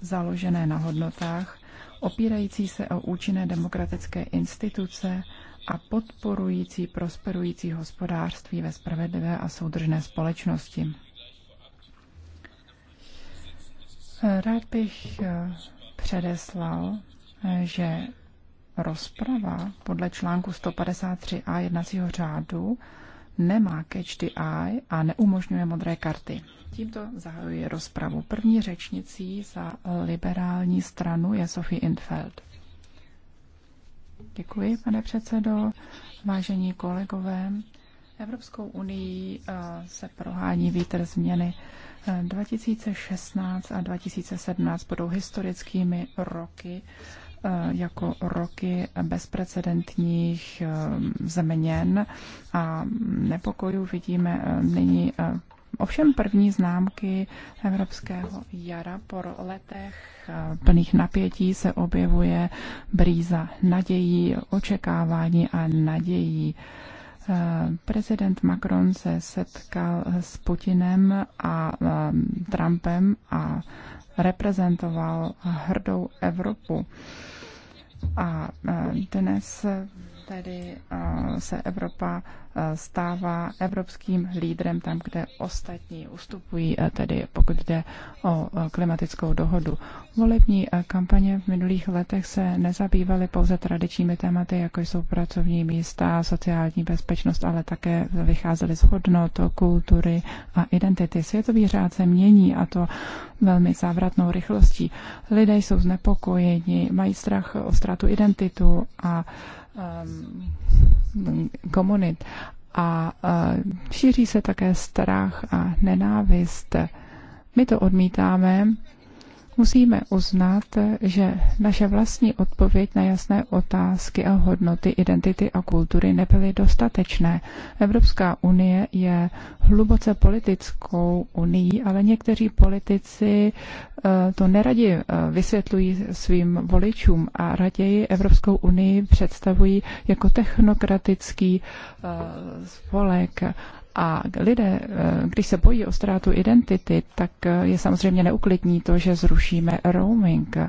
založené na hodnotách, opírající se o účinné demokratické instituce a podporující prosperující hospodářství ve spravedlivé a soudržné společnosti. Rád bych eh, předeslal, eh, že rozprava podle článku 153a jednacího řádu nemá catch the eye a neumožňuje modré karty. Tímto zahajuje rozpravu. První řečnicí za liberální stranu je Sophie Infeld. Děkuji, pane předsedo. Vážení kolegové, Evropskou unii eh, se prohání vítr změny. Eh, 2016 a 2017 budou historickými roky Eh, jako roky bezprecedentních eh, změn a nepokojů vidíme eh, nyní Ovšem první známky evropského jara po letech plných napětí se objevuje brýza nadějí, očekávání a nadějí. Prezident Macron se setkal s Putinem a Trumpem a reprezentoval hrdou Evropu. A e, dnes tedy eh, se Evropa eh, stává evropským lídrem tam, kde ostatní ustupují, eh, tedy pokud jde o klimatickou dohodu. Volební kampaně v minulých letech se nezabývaly pouze tradičními tématy, jako jsou pracovní místa, sociální bezpečnost, ale také vycházely z hodnot, kultury a identity. Světový řád se mění a to velmi závratnou rychlostí. Lidé jsou znepokojeni, mají strach o ztrátu identitu a Um, komunit. A šíří se také strach a nenávist. My to odmítáme Musíme uznat, že naše vlastní odpověď na jasné otázky a hodnoty identity a kultury nebyly dostatečné. Evropská unie je hluboce politickou unii, ale někteří politici eh, to neradi eh, vysvětlují svým voličům a raději Evropskou unii představují jako technokratický eh, spolek a lidé, eh, když se bojí o ztrátu identity, tak eh, je samozřejmě neuklidní to, že zrušíme roaming. Eh,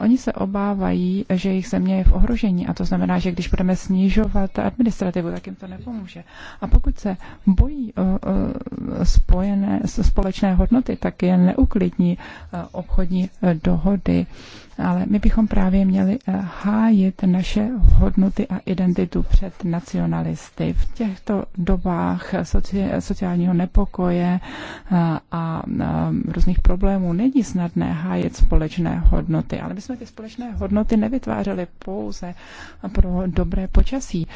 oni se obávají, že jejich země je v ohrožení a to znamená, že když budeme snižovat administrativu, tak jim to nepomůže. A pokud se bojí spojené společné hodnoty, tak je neuklidní obchodní dohody ale my bychom právě měli eh, hájit naše hodnoty a identitu před nacionalisty. V těchto dobách sociálního nepokoje eh, a eh, různých problémů není snadné hájit společné hodnoty, ale my jsme ty společné hodnoty nevytvářeli pouze pro dobré počasí.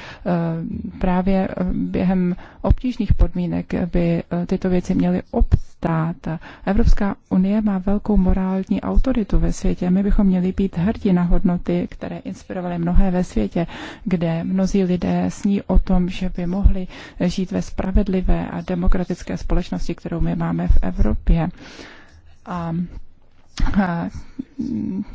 Právě během obtížných podmínek by tyto věci měly obstát. Evropská unie má velkou morální autoritu ve světě. My bychom měli být hrdí na hodnoty, které inspirovaly mnohé ve světě, kde mnozí lidé sní o tom, že by mohli žít ve spravedlivé a demokratické společnosti, kterou my máme v Evropě. A a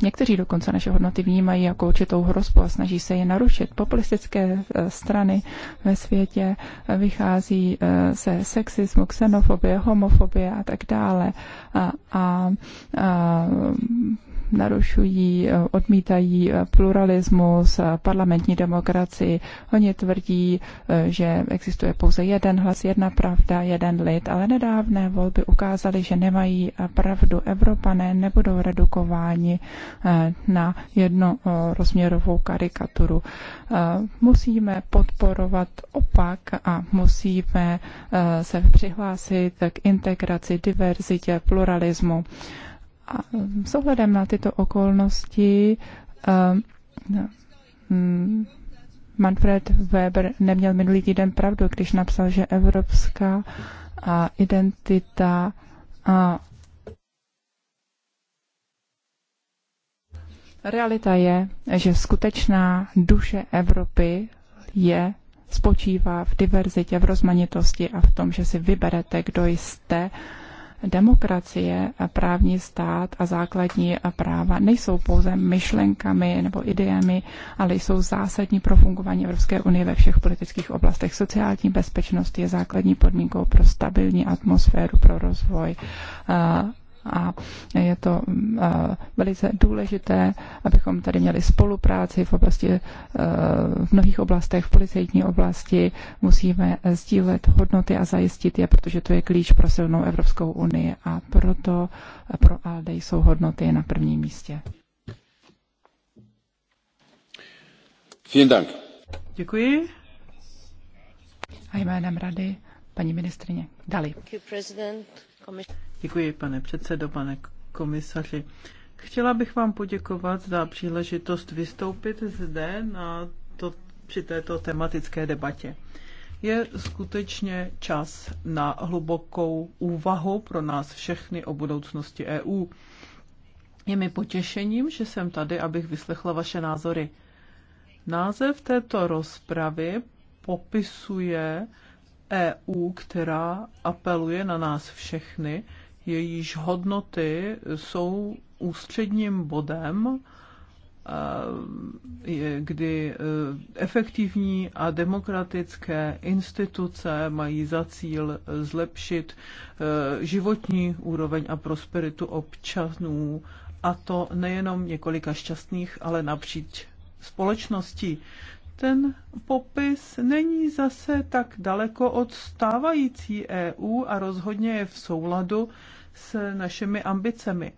někteří dokonce naše hodnoty vnímají jako určitou hrozbu a snaží se je narušit. Populistické e, strany ve světě vychází se sexismu, xenofobie, homofobie a tak dále. A, a, a narušují, eh, odmítají eh, pluralismus, eh, parlamentní demokracii. Oni tvrdí, že existuje pouze jeden hlas, jedna pravda, jeden lid, ale nedávné volby ukázaly, že nemají pravdu. Evropané nebudou redukováni na jednorozměrovou karikaturu. Musíme podporovat opak a musíme se přihlásit k integraci, diverzitě, pluralismu. Mm, s ohledem na tyto okolnosti eh, mm, mm, Manfred Weber neměl minulý týden pravdu, když napsal, že evropská identita a Realita je, že skutečná duše Evropy je spočívá v diverzitě, v rozmanitosti a v tom, že si vyberete, kdo jste, demokracie, právní stát a základní práva nejsou pouze myšlenkami nebo ideemi, ale jsou zásadní pro fungování Evropské unie ve všech politických oblastech. Sociální bezpečnost je základní podmínkou pro stabilní atmosféru, pro rozvoj a je to mm, velice důležité, abychom tady měli spolupráci v oblasti, e, v mnohých oblastech, v policejní oblasti. Musíme sdílet hodnoty a zajistit je, protože to je klíč pro silnou Evropskou unii a proto pro ALDE jsou hodnoty na prvním místě. Děkuji. A jménem rady paní ministrině Dali. Děkuji, Děkuji, pane předsedo, pane komisaři. Chtěla bych vám poděkovat za příležitost vystoupit zde na to, při této tematické debatě. Je skutečně čas na hlubokou úvahu pro nás všechny o budoucnosti EU. Je mi potěšením, že jsem tady, abych vyslechla vaše názory. Název této rozpravy popisuje EU, která apeluje na nás všechny, jejíž hodnoty jsou ústředním bodem, eh, kdy eh, efektivní a demokratické instituce mají za cíl zlepšit eh, životní úroveň a prosperitu občanů, a to nejenom několika šťastných, ale napříč společností ten popis není zase tak daleko od stávající EU a rozhodně je v souladu s našimi ambicemi.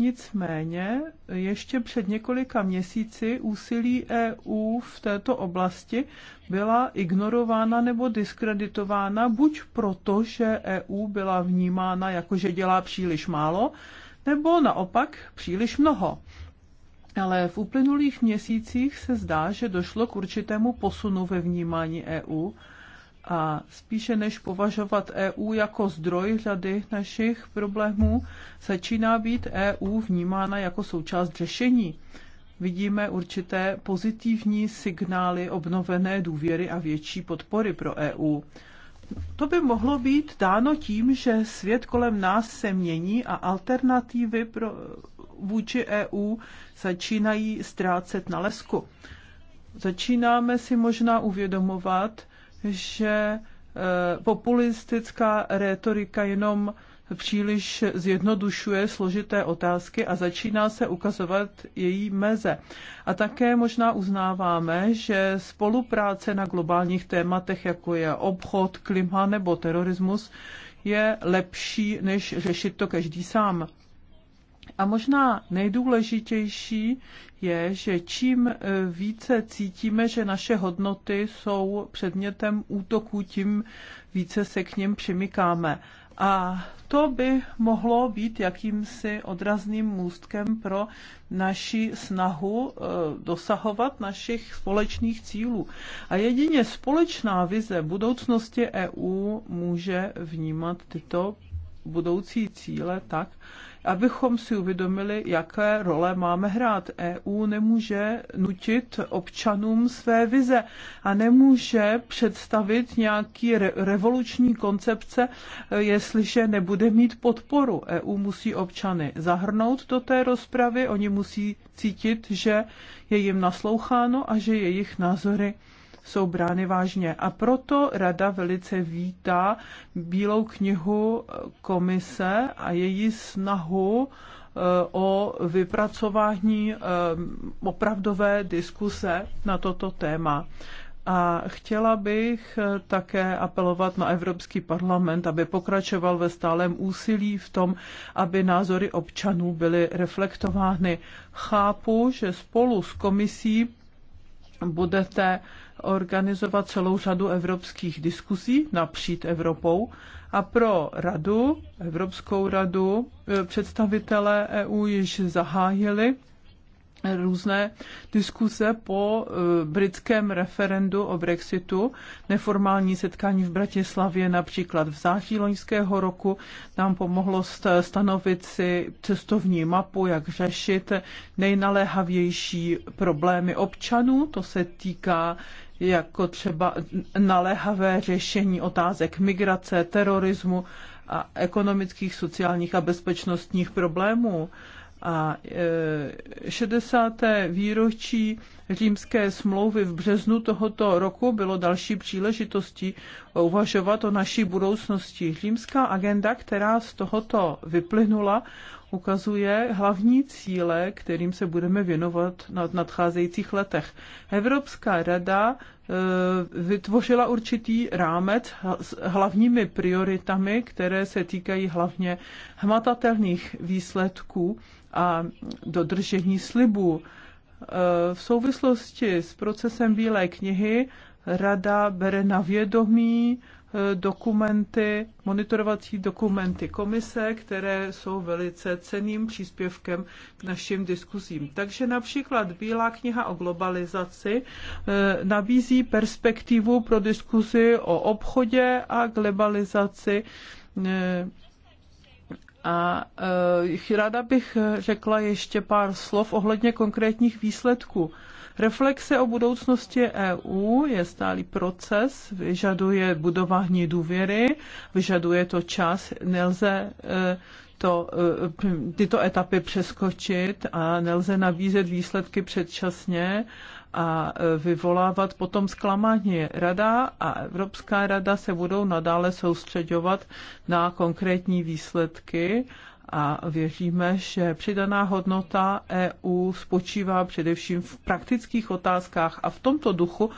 Nicméně ještě před několika měsíci úsilí EU v této oblasti byla ignorována nebo diskreditována buď proto, že EU byla vnímána jako, že dělá příliš málo, nebo naopak příliš mnoho. Ale v uplynulých měsících se zdá, že došlo k určitému posunu ve vnímání EU a spíše než považovat EU jako zdroj řady našich problémů, začíná být EU vnímána jako součást řešení. Vidíme určité pozitivní signály obnovené důvěry a větší podpory pro EU. To by mohlo být dáno tím, že svět kolem nás se mění a alternativy pro, vůči EU začínají ztrácet na lesku. Začínáme si možná uvědomovat, že eh, populistická rétorika jenom příliš zjednodušuje složité otázky a začíná se ukazovat její meze. A také možná uznáváme, že spolupráce na globálních tématech, jako je obchod, klima nebo terorismus, je lepší, než řešit to každý sám. A možná nejdůležitější je, že čím e, více cítíme, že naše hodnoty jsou předmětem útoku, tím více se k ním přimykáme. A to by mohlo být jakýmsi odrazným můstkem pro naši snahu e, dosahovat našich společných cílů. A jedině společná vize budoucnosti EU může vnímat tyto budoucí cíle tak, abychom si uvědomili, jaké role máme hrát. EU nemůže nutit občanům své vize a nemůže představit nějaký re- revoluční koncepce, e, jestliže nebude mít podporu. EU musí občany zahrnout do té rozpravy, oni musí cítit, že je jim nasloucháno a že jejich názory jsou brány vážně. A proto Rada velice vítá Bílou knihu komise a její snahu eh, o vypracování eh, opravdové diskuse na toto téma. A chtěla bych eh, také apelovat na Evropský parlament, aby pokračoval ve stálem úsilí v tom, aby názory občanů byly reflektovány. Chápu, že spolu s komisí budete organizovat celou řadu evropských diskusí napříč Evropou a pro radu, Evropskou radu, eh, představitelé EU již zahájili různé diskuse po eh, britském referendu o Brexitu. Neformální setkání v Bratislavě například v září loňského roku nám pomohlo stanovit si cestovní mapu, jak řešit nejnaléhavější problémy občanů. To se týká jako třeba naléhavé řešení otázek migrace, terorismu a ekonomických, sociálních a bezpečnostních problémů a 60. E, výročí římské smlouvy v březnu tohoto roku bylo další příležitostí uvažovat o naší budoucnosti. Římská agenda, která z tohoto vyplynula, ukazuje hlavní cíle, kterým se budeme věnovat na nadcházejících letech. Evropská rada e, vytvořila určitý rámec s hlavními prioritami, které se týkají hlavně hmatatelných výsledků a dodržení slibů. E, v souvislosti s procesem Bílé knihy Rada bere na vědomí e, dokumenty, monitorovací dokumenty komise, které jsou velice ceným příspěvkem k našim diskuzím. Takže například Bílá kniha o globalizaci e, nabízí perspektivu pro diskuzi o obchodě a globalizaci a uh, ráda bych eh, řekla ještě pár slov ohledně konkrétních výsledků. Reflexe o budoucnosti EU je stálý proces, vyžaduje budování důvěry, vyžaduje to čas, nelze eh, to, tyto etapy přeskočit a nelze nabízet výsledky předčasně a e, vyvolávat potom zklamání. Rada a Evropská rada se budou nadále soustředovat na konkrétní výsledky a věříme, že přidaná hodnota EU spočívá především v praktických otázkách a v tomto duchu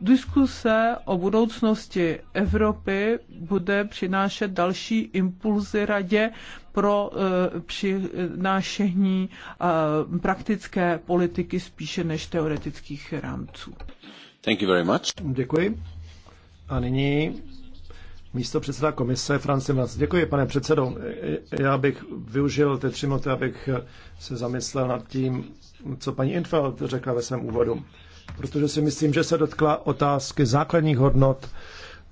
diskuse o budoucnosti Evropy bude přinášet další impulzy radě pro e, přinášení e, praktické politiky spíše než teoretických rámců. Thank you very much. Děkuji. A nyní místo předseda komise Franz Timmermans. Děkuji, pane předsedo. Já bych využil ty tři minuty, abych se zamyslel nad tím, co paní Infeld řekla ve svém úvodu. Protože si myslím, že se dotkla otázky základních hodnot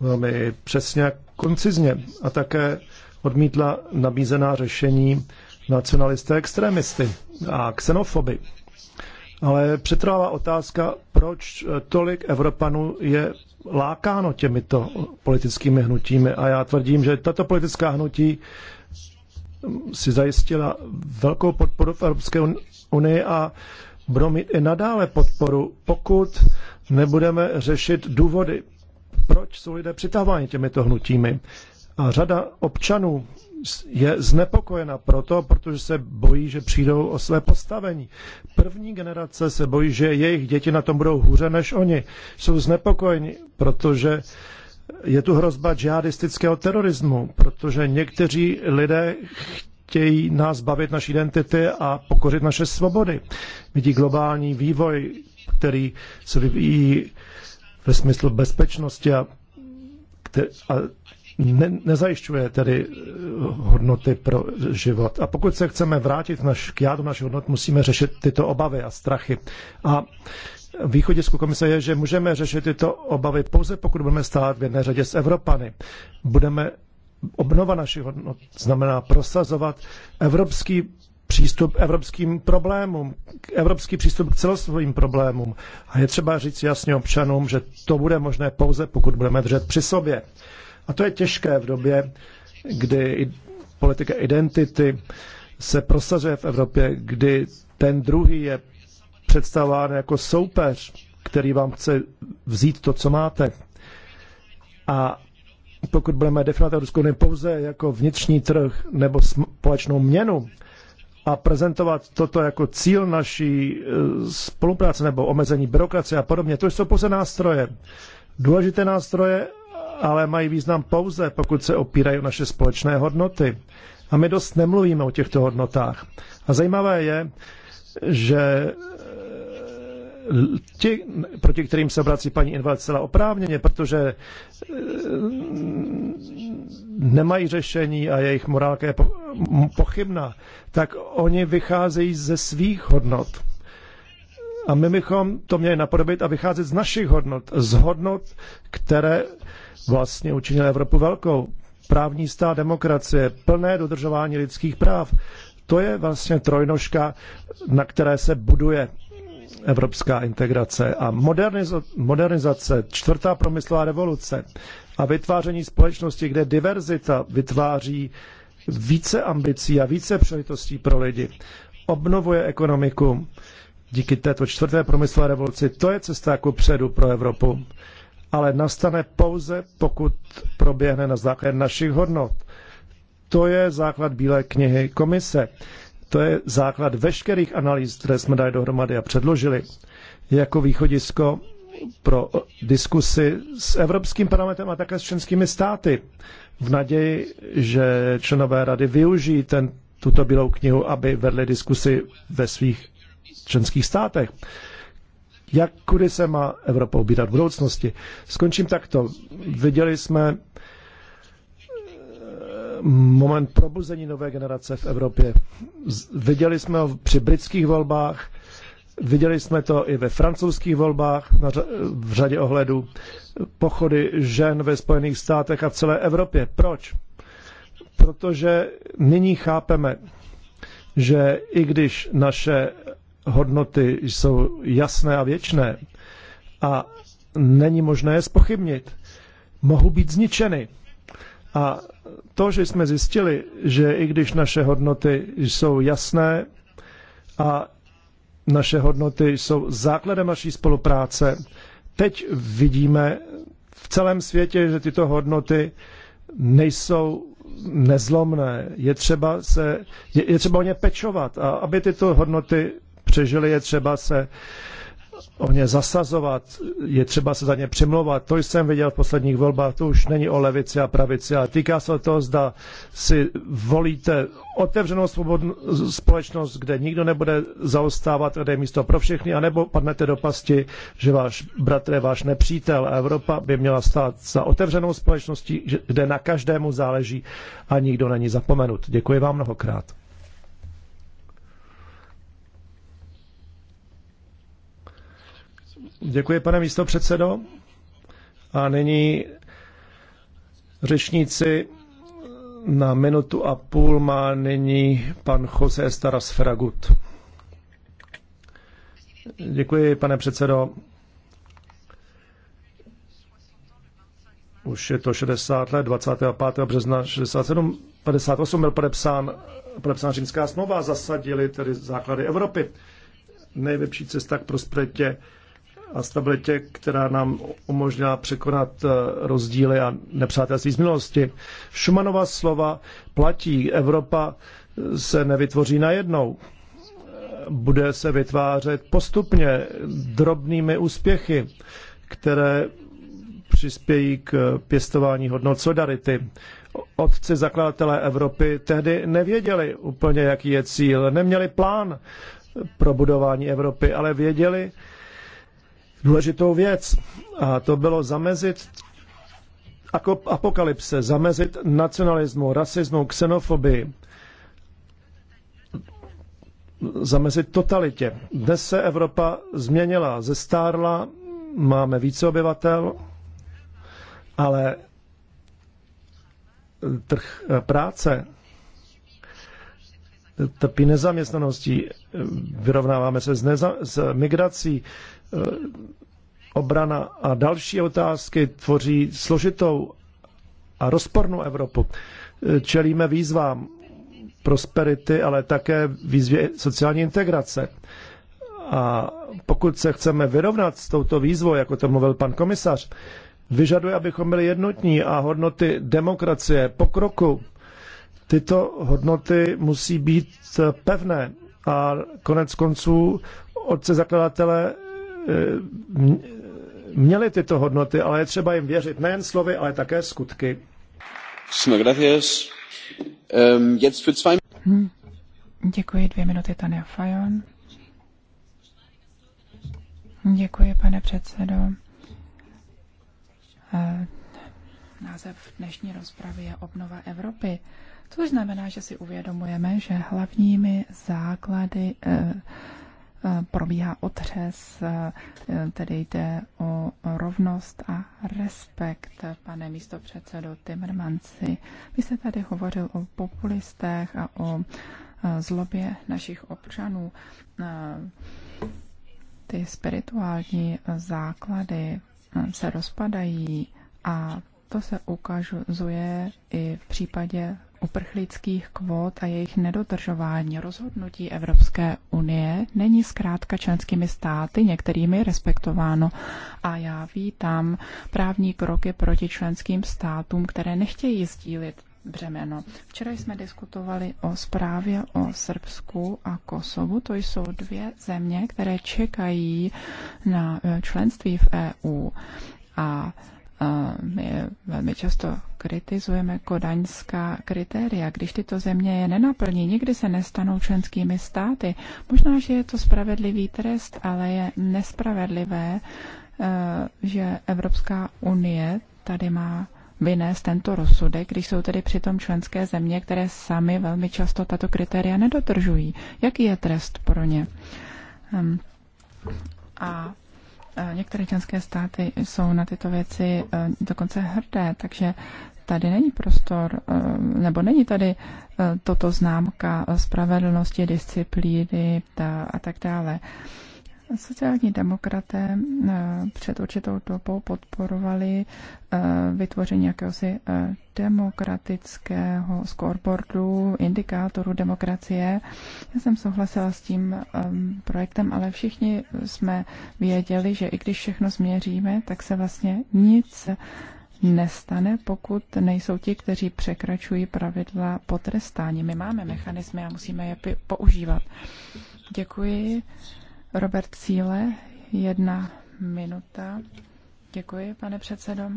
velmi přesně a koncizně a také odmítla nabízená řešení nacionalisté extremisty a xenofoby ale přetrvává otázka, proč eh, tolik Evropanů je lákáno těmito politickými hnutími. A já tvrdím, že tato politická hnutí mm, si zajistila velkou podporu v Evropské unii a budou mít i nadále podporu, pokud nebudeme řešit důvody, proč jsou lidé přitáváni těmito hnutími. A řada občanů je znepokojena proto, protože se bojí, že přijdou o své postavení. První generace se bojí, že jejich děti na tom budou hůře než oni. Jsou znepokojeni, protože je tu hrozba džihadistického terorismu, protože někteří lidé chtějí nás bavit naší identity a pokořit naše svobody. Vidí globální vývoj, který se vyvíjí ve smyslu bezpečnosti a, a ne, nezajišťuje tedy eh, hodnoty pro život. A pokud se chceme vrátit naš, k jádu našich hodnot, musíme řešit tyto obavy a strachy. A východisku komise je, že můžeme řešit tyto obavy pouze pokud budeme stát v jedné řadě s Evropany. Budeme obnova našich hodnot, znamená prosazovat evropský přístup evropským problémům, evropský přístup k celosvým problémům. A je třeba říct jasně občanům, že to bude možné pouze, pokud budeme držet při sobě. A to je těžké v době, kdy politika identity se prosazuje v Evropě, kdy ten druhý je představován jako soupeř, který vám chce vzít to, co máte. A pokud budeme definovat Evropskou unii pouze jako vnitřní trh nebo společnou měnu a prezentovat toto jako cíl naší eh, spolupráce nebo omezení byrokracie a podobně, to jsou pouze nástroje. Důležité nástroje ale mají význam pouze, pokud se opírají o naše společné hodnoty. A my dost nemluvíme o těchto hodnotách. A zajímavé je, že eh, ti, proti kterým se obrací paní Inval celá oprávněně, protože eh, nemají řešení a jejich morálka je pochybná, tak oni vycházejí ze svých hodnot. A my bychom to měli napodobit a vycházet z našich hodnot, z hodnot, které vlastně učinil Evropu velkou. Právní stát, demokracie, plné dodržování lidských práv. To je vlastně trojnožka, na které se buduje evropská integrace a modernizace, modernizace čtvrtá promyslová revoluce a vytváření společnosti, kde diverzita vytváří více ambicí a více příležitostí pro lidi, obnovuje ekonomiku díky této čtvrté promyslové revoluci. To je cesta jako předu pro Evropu ale nastane pouze, pokud proběhne na základě našich hodnot. To je základ Bílé knihy komise. To je základ veškerých analýz, které jsme dali dohromady a předložili jako východisko pro diskusy s Evropským parlamentem a také s členskými státy v naději, že členové rady využijí ten, tuto bílou knihu, aby vedli diskusy ve svých členských státech jak kudy se má Evropa ubírat v budoucnosti. Skončím takto. Viděli jsme eh, moment probuzení nové generace v Evropě. Viděli jsme ho při britských volbách, viděli jsme to i ve francouzských volbách na ř- v řadě ohledů. Pochody žen ve Spojených státech a v celé Evropě. Proč? Protože nyní chápeme, že i když naše hodnoty jsou jasné a věčné a není možné je spochybnit. Mohou být zničeny. A to, že jsme zjistili, že i když naše hodnoty jsou jasné a naše hodnoty jsou základem naší spolupráce, teď vidíme v celém světě, že tyto hodnoty nejsou nezlomné. Je třeba, se, je, je třeba o ně pečovat a aby tyto hodnoty přežili, je třeba se o ně zasazovat, je třeba se za ně přimlouvat. To jsem viděl v posledních volbách, to už není o levici a pravici, ale týká se toho, zda si volíte otevřenou svobodnou společnost, kde nikdo nebude zaostávat, kde je místo pro všechny, anebo padnete do pasti, že váš bratr je váš nepřítel a Evropa by měla stát za otevřenou společností, kde na každému záleží a nikdo není zapomenut. Děkuji vám mnohokrát. Děkuji, pane místo předsedo. A nyní řečníci na minutu a půl má nyní pan Jose Estaras Feragut. Děkuji, pane předsedo. Už je to 60 let, 25. března 67, 58 byl podepsán, podepsán římská smlouva a zasadili tedy základy Evropy. Nejlepší cesta k prosperitě a stabilitě, která nám umožnila překonat eh, rozdíly a nepřátelství z minulosti. Šumanova slova platí. Evropa eh, se nevytvoří najednou. Eh, bude se vytvářet postupně drobnými úspěchy, které přispějí k pěstování hodnot solidarity. Otci zakladatelé Evropy tehdy nevěděli úplně, jaký je cíl, neměli plán pro budování Evropy, ale věděli, důležitou věc. A to bylo zamezit jako apokalypse, zamezit nacionalismu, rasismu, xenofobii, zamezit totalitě. Dnes se Evropa změnila, zestárla, máme více obyvatel, ale trh eh, práce trpí nezaměstnaností, vyrovnáváme se s, neza- s migrací, obrana a další otázky tvoří složitou a rozpornou Evropu. Čelíme výzvám prosperity, ale také výzvě sociální integrace. A pokud se chceme vyrovnat s touto výzvou, jako to mluvil pan komisař, vyžaduje, abychom byli jednotní a hodnoty demokracie, pokroku, Tyto hodnoty musí být pevné a konec konců otce zakladatele eh, měli tyto hodnoty, ale je třeba jim věřit nejen slovy, ale také skutky. Ehm, hmm. Děkuji, dvě minuty, Tania Fajon. Děkuji, pane předsedo. Eh, název dnešní rozpravy je Obnova Evropy. Což znamená, že si uvědomujeme, že hlavními základy eh, eh, probíhá otřes, eh, tedy jde o rovnost a respekt, pane místopředsedo Timmermansi. Vy jste tady hovořil o populistech a o zlobě našich občanů. Ty spirituální základy se rozpadají a to se ukazuje i v případě uprchlických kvót a jejich nedodržování rozhodnutí Evropské unie není zkrátka členskými státy, některými respektováno. A já vítám právní kroky proti členským státům, které nechtějí sdílit břemeno. Včera jsme diskutovali o zprávě o Srbsku a Kosovu. To jsou dvě země, které čekají na eh, členství v EU. A my velmi často kritizujeme kodaňská kritéria. Když tyto země je nenaplní, nikdy se nestanou členskými státy. Možná, že je to spravedlivý trest, ale je nespravedlivé, eh, že Evropská unie tady má vynést tento rozsudek, když jsou tedy přitom členské země, které sami velmi často tato kritéria nedodržují. Jaký je trest pro ně? Hm. A Eh, některé členské státy jsou na tyto věci eh, dokonce hrdé, takže tady není prostor, eh, nebo není tady toto známka spravedlnosti, disciplíny a tak dále. Sociální demokraté eh, před určitou dobou podporovali eh, vytvoření jakéhosi eh, demokratického scoreboardu, indikátoru demokracie. Já jsem souhlasila s tím ehm, projektem, ale všichni jsme věděli, že i když všechno změříme, tak se vlastně nic nestane, pokud nejsou ti, kteří překračují pravidla potrestání. My máme mechanismy a musíme je používat. Děkuji. Robert Cíle, jedna minuta. Děkuji, pane předsedo.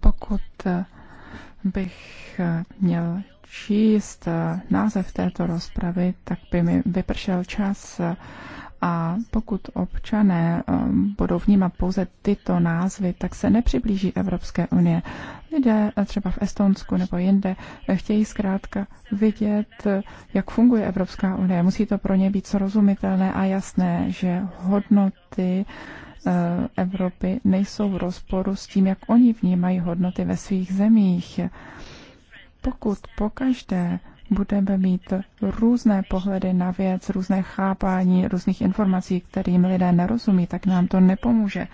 Pokud eh, bych eh, měl číst eh, název této rozpravy, tak by mi vypršel čas a pokud občané um, budou vnímat pouze tyto názvy, tak se nepřiblíží Evropské unie. Lidé eh, třeba v Estonsku nebo jinde eh, chtějí zkrátka vidět, eh, jak funguje Evropská unie. Musí to pro ně být srozumitelné a jasné, že hodnoty Evropy nejsou v rozporu s tím, jak oni vnímají hodnoty ve svých zemích. Pokud pokaždé budeme mít různé pohledy na věc, různé chápání různých informací, kterým lidé nerozumí, tak nám to nepomůže.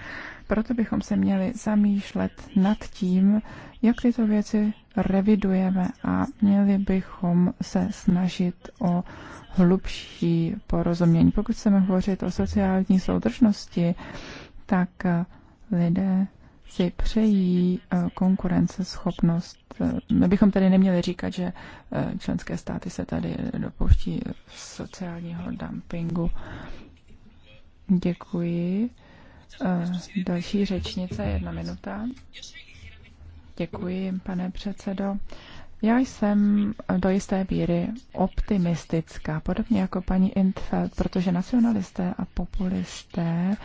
Proto bychom se měli zamýšlet nad tím, jak tyto věci revidujeme a měli bychom se snažit o hlubší porozumění. Pokud chceme hovořit o sociální soudržnosti, tak lidé si přejí eh, konkurenceschopnost. Eh, my bychom tady neměli říkat, že eh, členské státy se tady dopouští sociálního dumpingu. Děkuji. Další řečnice, jedna minuta. Děkuji, pane předsedo. Já jsem do jisté míry optimistická, podobně jako paní Intfeld, protože nacionalisté a populisté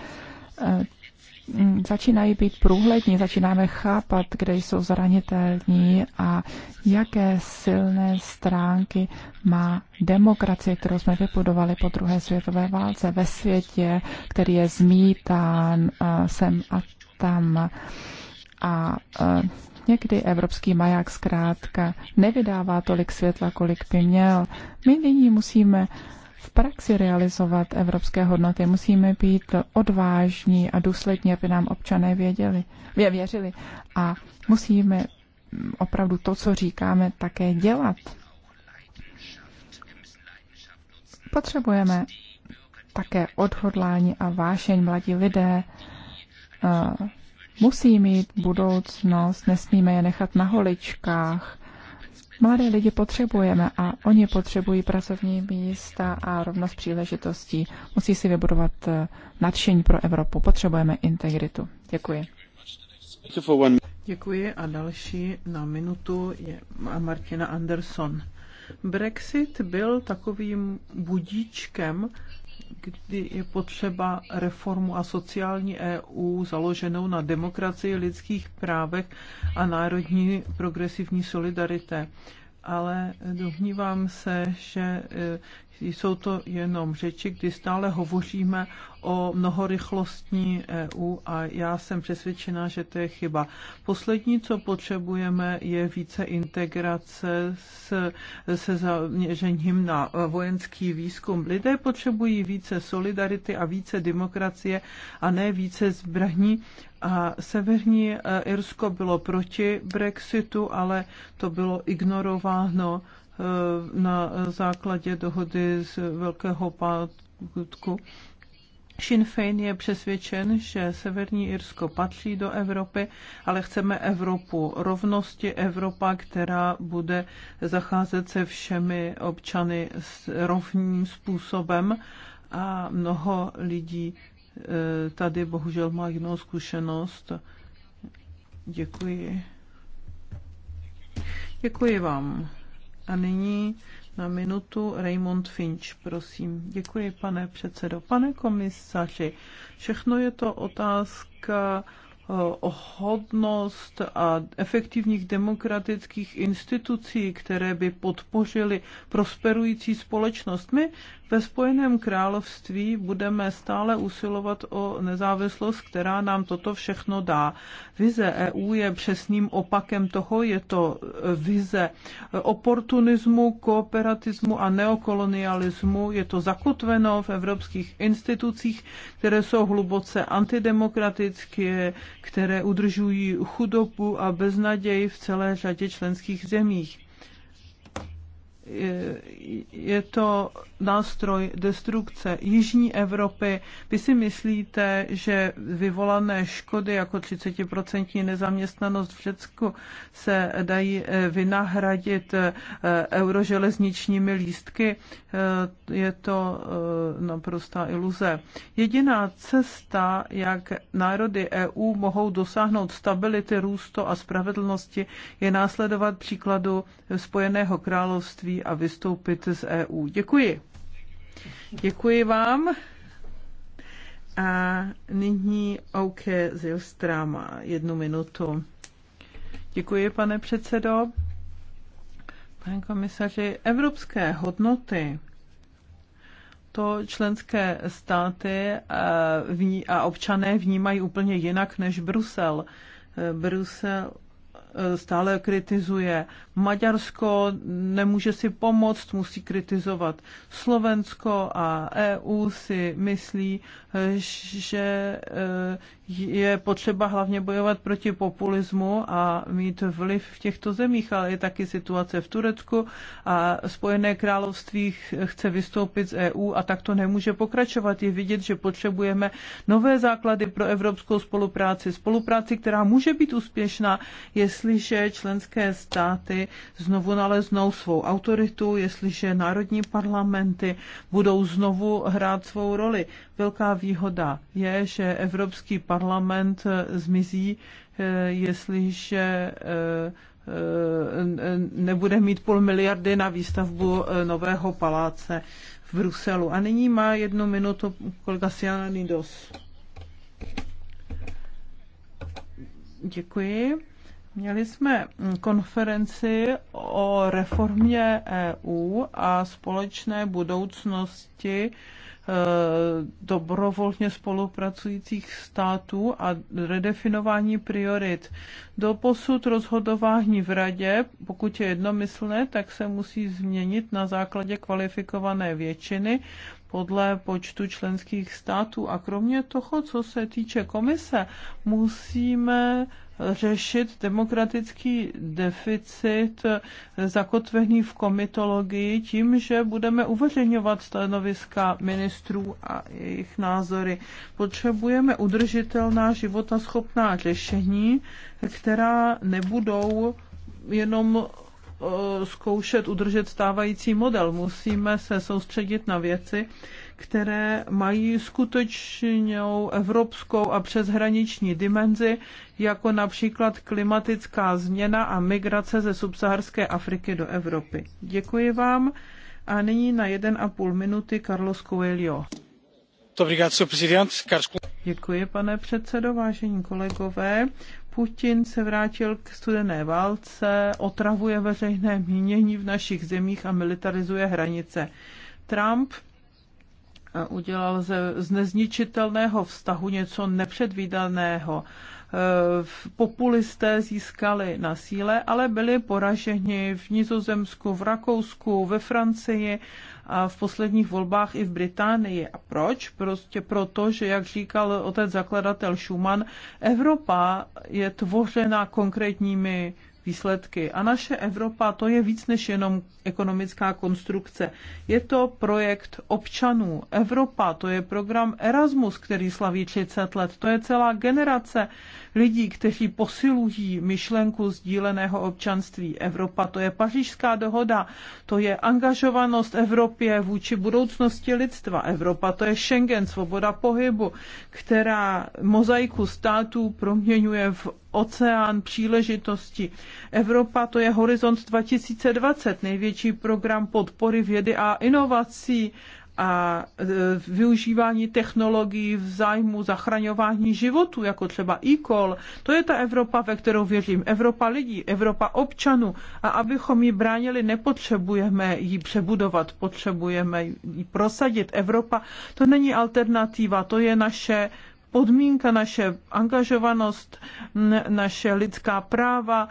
Mm, začínají být průhlední, začínáme chápat, kde jsou zranitelní a jaké silné stránky má demokracie, kterou jsme vybudovali po druhé světové válce ve světě, který je zmítán sem a tam. A e, někdy evropský maják zkrátka nevydává tolik světla, kolik by měl. My nyní musíme v praxi realizovat evropské hodnoty. Musíme být odvážní a důslední, aby nám občané věděli, věřili. A musíme opravdu to, co říkáme, také dělat. Potřebujeme také odhodlání a vášeň mladí lidé. Eh, musí mít budoucnost, nesmíme je nechat na holičkách. Mladé lidi potřebujeme a oni potřebují pracovní místa a rovnost příležitostí. Musí si vybudovat eh, nadšení pro Evropu. Potřebujeme integritu. Děkuji. Děkuji a další na minutu je Martina Anderson. Brexit byl takovým budíčkem kdy je potřeba reformu a sociální EU založenou na demokracii, lidských právech a národní progresivní solidarité ale domnívám se, že jsou to jenom řeči, kdy stále hovoříme o mnohorychlostní EU a já jsem přesvědčena, že to je chyba. Poslední, co potřebujeme, je více integrace s, se zaměřením na vojenský výzkum. Lidé potřebují více solidarity a více demokracie a ne více zbraní. A severní e, Irsko bylo proti Brexitu, ale to bylo ignorováno Eh, na základě dohody z Velkého pátku. Sinn Féin je přesvědčen, že Severní Irsko patří do Evropy, ale chceme Evropu rovnosti, Evropa, která bude zacházet se všemi občany s rovným způsobem a mnoho lidí eh, tady bohužel má jinou zkušenost. Děkuji. Děkuji vám. A nyní na minutu Raymond Finch, prosím. Děkuji, pane předsedo. Pane komisaři, všechno je to otázka eh, o hodnost a efektivních demokratických institucí, které by podpořily prosperující společnost. My ve Spojeném království budeme stále usilovat o nezávislost, která nám toto všechno dá. Vize EU je přesným opakem toho, je to vize oportunismu, kooperatismu a neokolonialismu. Je to zakotveno v evropských institucích, které jsou hluboce antidemokratické, které udržují chudobu a beznaději v celé řadě členských zemích je to nástroj destrukce Jižní Evropy. Vy si myslíte, že vyvolané škody jako 30% nezaměstnanost v Řecku se dají eh, vynahradit eh, euroželezničními lístky? Eh, je to naprostá iluze. Jediná cesta, jak národy EU mohou dosáhnout stability, růstu a spravedlnosti, je následovat příkladu Spojeného království a vystoupit z EU. Děkuji. Děkuji vám. A nyní OK Zilstra jednu minutu. Děkuji, pane předsedo. Pane komisaři, evropské hodnoty to členské státy eh, a občané vnímají úplně jinak než Brusel. Eh, Brusel stále kritizuje Maďarsko, nemůže si pomoct, musí kritizovat Slovensko a EU si myslí, že je potřeba hlavně bojovat proti populismu a mít vliv v těchto zemích, ale je taky situace v Turecku a Spojené království chce vystoupit z EU a tak to nemůže pokračovat. Je vidět, že potřebujeme nové základy pro evropskou spolupráci. Spolupráci, která může být úspěšná, jestliže členské státy znovu naleznou svou autoritu, jestliže národní parlamenty budou znovu hrát svou roli. Velká výhoda je, že Evropský parlament eh, zmizí, eh, jestliže eh, nebude mít půl miliardy na výstavbu nového paláce v Bruselu. A nyní má jednu minutu kolega Sianidos. Děkuji. Měli jsme hm, konferenci o reformě EU a společné budoucnosti Eh, dobrovolně spolupracujících států a redefinování priorit. Doposud rozhodování v radě, pokud je jednomyslné, tak se musí změnit na základě kvalifikované většiny podle počtu členských států. A kromě toho, co se týče komise, musíme řešit demokratický deficit zakotvený v komitologii tím, že budeme uveřejňovat stanoviska ministrů a jejich názory. Potřebujeme udržitelná životaschopná řešení, která nebudou jenom Eh, zkoušet udržet stávající model. Musíme se soustředit na věci, které mají skutečnou evropskou a přeshraniční dimenzi, jako například klimatická změna a migrace ze subsaharské Afriky do Evropy. Děkuji vám a nyní na jeden a půl minuty Carlos Coelho. Děkuji, pane předsedo, vážení kolegové. Putin se vrátil k studené válce, otravuje veřejné mínění v našich zemích a militarizuje hranice. Trump eh, udělal ze, z nezničitelného vztahu něco nepředvídaného. Eh, populisté získali na síle, ale byli poraženi v Nizozemsku, v Rakousku, ve Francii v posledních volbách i v Británii. A proč? Prostě proto, že, jak říkal otec zakladatel Schumann, Evropa je tvořena konkrétními výsledky. A naše Evropa to je víc než jenom ekonomická konstrukce. Je to projekt občanů. Evropa to je program Erasmus, který slaví 30 let. To je celá generace lidí, kteří posilují myšlenku sdíleného občanství. Evropa to je pařížská dohoda, to je angažovanost Evropě vůči budoucnosti lidstva. Evropa to je Schengen, svoboda pohybu, která mozaiku států proměňuje v oceán příležitosti. Evropa to je Horizont 2020, největší program podpory vědy a inovací a e, využívání technologií v zájmu zachraňování životu, jako třeba e-call. To je ta Evropa, ve kterou věřím. Evropa lidí, Evropa občanů. A abychom ji bránili, nepotřebujeme ji přebudovat, potřebujeme ji prosadit. Evropa to není alternativa, to je naše podmínka, naše angažovanost, naše lidská práva, e,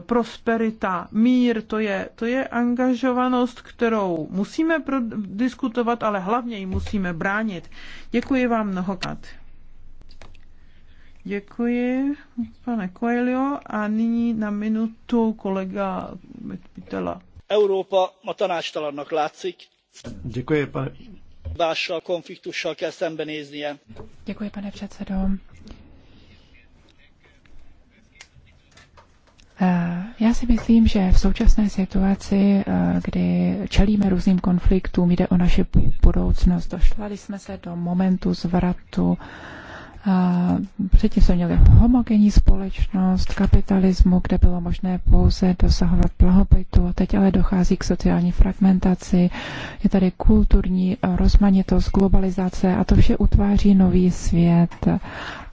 prosperita, mír, to je, to je angažovanost, kterou musíme diskutovat, ale hlavně ji musíme bránit. Děkuji vám mnohokrát. Děkuji, pane Coelho. A nyní na minutu kolega Medpitela. Evropa, ma tanácstalannak látszik. Děkuji, pane kihvással, konfliktussal kell szembenéznie. Děkuji, pane předsedo. Eh, já si myslím, že v současné situaci, eh, kdy čelíme různým konfliktům, jde o naši budoucnost. Došlali jsme se do momentu zvratu Předtím jsme měli homogenní společnost kapitalismu, kde bylo možné pouze dosahovat blahobytu. A teď ale dochází k sociální fragmentaci. Je tady kulturní rozmanitost, globalizace a to vše utváří nový svět.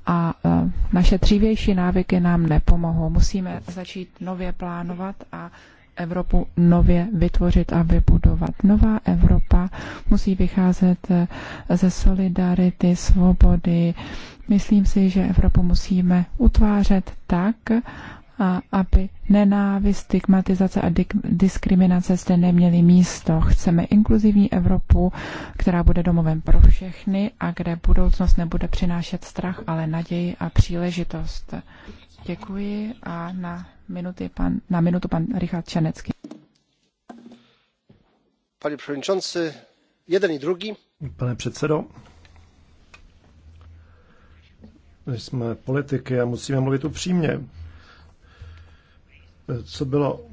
A e, naše dřívější návyky nám nepomohou. Musíme začít nově plánovat a Evropu nově vytvořit a vybudovat. Nová Evropa musí vycházet eh, ze solidarity, svobody. Myslím si, že Evropu musíme utvářet tak, a aby nenávist, stigmatizace a diskriminace zde neměly místo. Chceme inkluzivní Evropu, která bude domovem pro všechny a kde budoucnost nebude přinášet strach, ale naději a příležitost. Děkuji a na minuty pan, na minutu pan Richard Černecký. Pane předsedající, jeden i druhý. Pane předsedo, my jsme politiky a musíme mluvit upřímně. Co bylo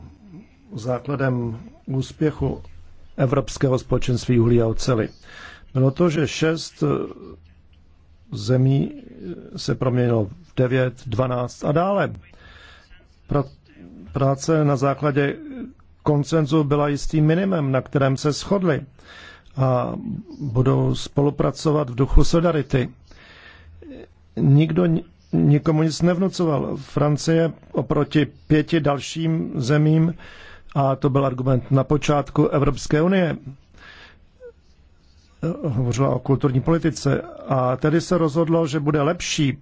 základem úspěchu Evropského společenství uhlí a ocely? Bylo to, že šest zemí se proměnilo v devět, dvanáct a dále. Pra, práce na základě koncenzu byla jistým minimem, na kterém se shodli a budou spolupracovat v duchu solidarity. Nikdo nikomu nic nevnucoval. Francie oproti pěti dalším zemím, a to byl argument na počátku Evropské unie, hovořila o kulturní politice, a tedy se rozhodlo, že bude lepší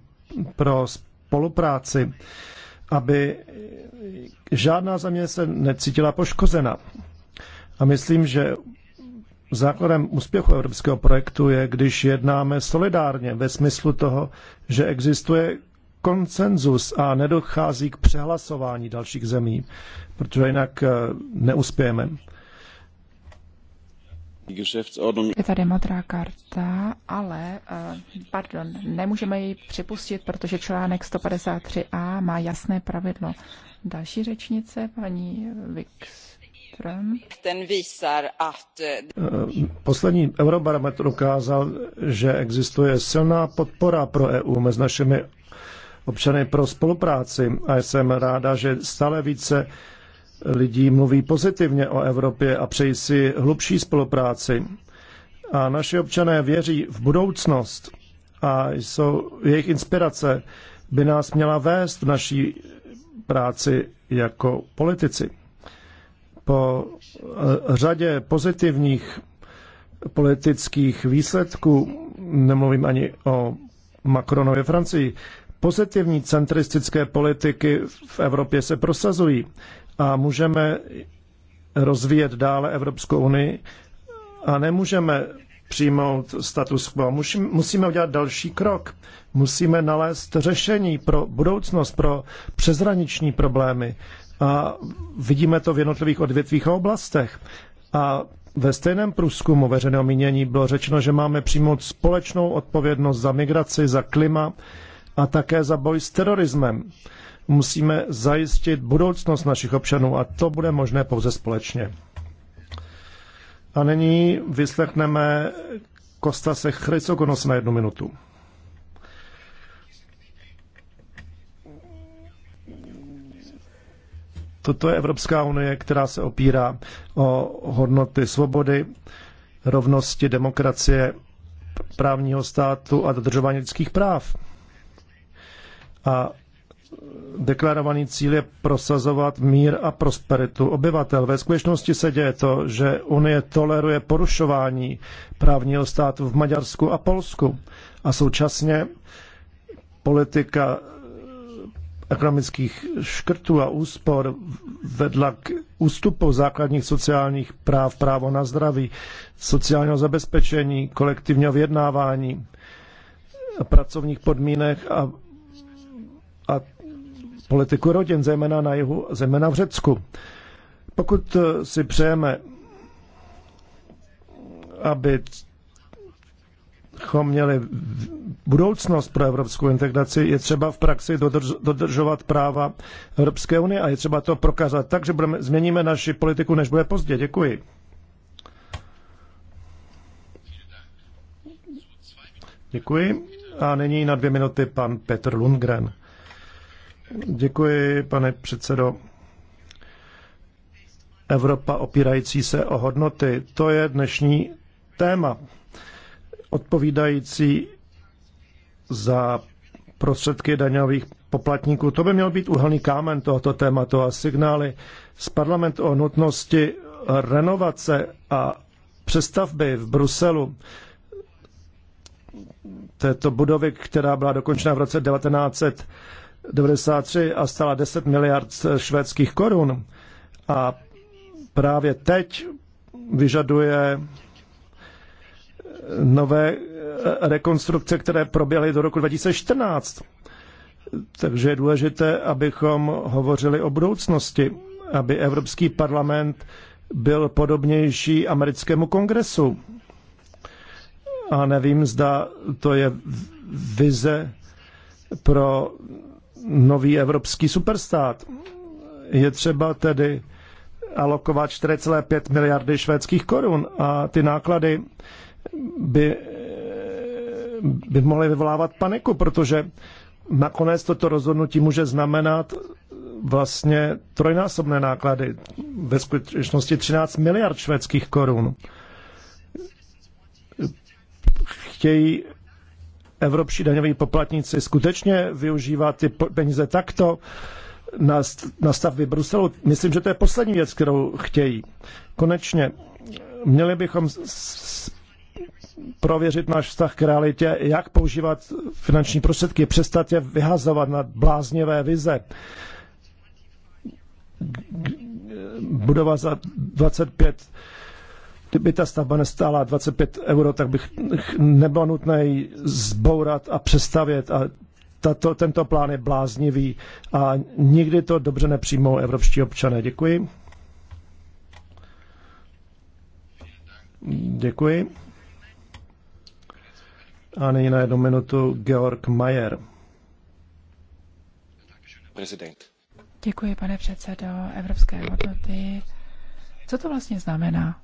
pro spolupráci aby žádná země se necítila poškozena. A myslím, že základem úspěchu evropského projektu je, když jednáme solidárně ve smyslu toho, že existuje konsenzus a nedochází k přehlasování dalších zemí, protože jinak eh, neuspějeme. Je tady modrá karta, ale, eh, pardon, nemůžeme ji připustit, protože článek 153a má jasné pravidlo. Další řečnice, paní Wikström. Eh, eh, poslední eurobarometr ukázal, že existuje silná podpora pro EU mezi našimi občany pro spolupráci a jsem ráda, že stále více lidí mluví pozitivně o Evropě a přejí si hlubší spolupráci. A naši občané věří v budoucnost a jsou, jejich inspirace by nás měla vést v naší práci jako politici. Po eh, řadě pozitivních politických výsledků, nemluvím ani o Macronově Francii, pozitivní centristické politiky v Evropě se prosazují a můžeme rozvíjet dále Evropskou unii a nemůžeme přijmout status quo. Musíme udělat další krok. Musíme nalézt řešení pro budoucnost, pro přezraniční problémy. A vidíme to v jednotlivých odvětvích a oblastech. A ve stejném průzkumu veřejného mínění bylo řečeno, že máme přijmout společnou odpovědnost za migraci, za klima a také za boj s terorismem musíme zajistit budoucnost našich občanů a to bude možné pouze společně. A nyní vyslechneme se Chrysokonos na jednu minutu. Toto je Evropská unie, která se opírá o hodnoty svobody, rovnosti, demokracie, právního státu a dodržování lidských práv. A deklarovaný cíl je prosazovat mír a prosperitu obyvatel. Ve skutečnosti se děje to, že Unie toleruje porušování právního státu v Maďarsku a Polsku a současně politika ekonomických škrtů a úspor vedla k ústupu základních sociálních práv, právo na zdraví, sociálního zabezpečení, kolektivního vyjednávání, pracovních podmínek a, a politiku rodin, zejména na jihu, zejména v Řecku. Pokud eh, si přejeme, aby měli budoucnost pro evropskou integraci, je třeba v praxi dodrž, dodržovat práva Evropské unie a je třeba to prokázat tak, že budeme, změníme naši politiku, než bude pozdě. Děkuji. Děkuji. A nyní na dvě minuty pan Petr Lundgren. Děkuji, pane předsedo. Evropa opírající se o hodnoty, to je dnešní téma, odpovídající za prostředky daňových poplatníků. To by měl být uhelný kámen tohoto tématu a signály z parlamentu o nutnosti renovace a přestavby v Bruselu této budovy, která byla dokončena v roce 1900 93 a stala 10 miliard švédských korun. A právě teď vyžaduje nové eh, rekonstrukce, které proběhly do roku 2014. Takže je důležité, abychom hovořili o budoucnosti, aby Evropský parlament byl podobnější americkému kongresu. A nevím, zda to je vize pro nový evropský superstát. Je třeba tedy alokovat 4,5 miliardy švédských korun a ty náklady by, by mohly vyvolávat paniku, protože nakonec toto rozhodnutí může znamenat vlastně trojnásobné náklady, ve skutečnosti 13 miliard švédských korun. Chtějí evropští daňoví poplatníci skutečně využívat ty peníze takto na, na stavby Bruselu. Myslím, že to je poslední věc, kterou chtějí. Konečně měli bychom prověřit náš vztah k realitě, jak používat finanční prostředky, přestat je vyhazovat na bláznivé vize. Budova za 25 Kdyby ta stavba nestála 25 euro, tak bych nebyl nutné ji zbourat a přestavět. A tato, tento plán je bláznivý a nikdy to dobře nepřijmou evropští občané. Děkuji. Děkuji. A nyní na jednu minutu Georg Mayer. Prezident. Děkuji, pane předsedo Evropské hodnoty. Co to vlastně znamená?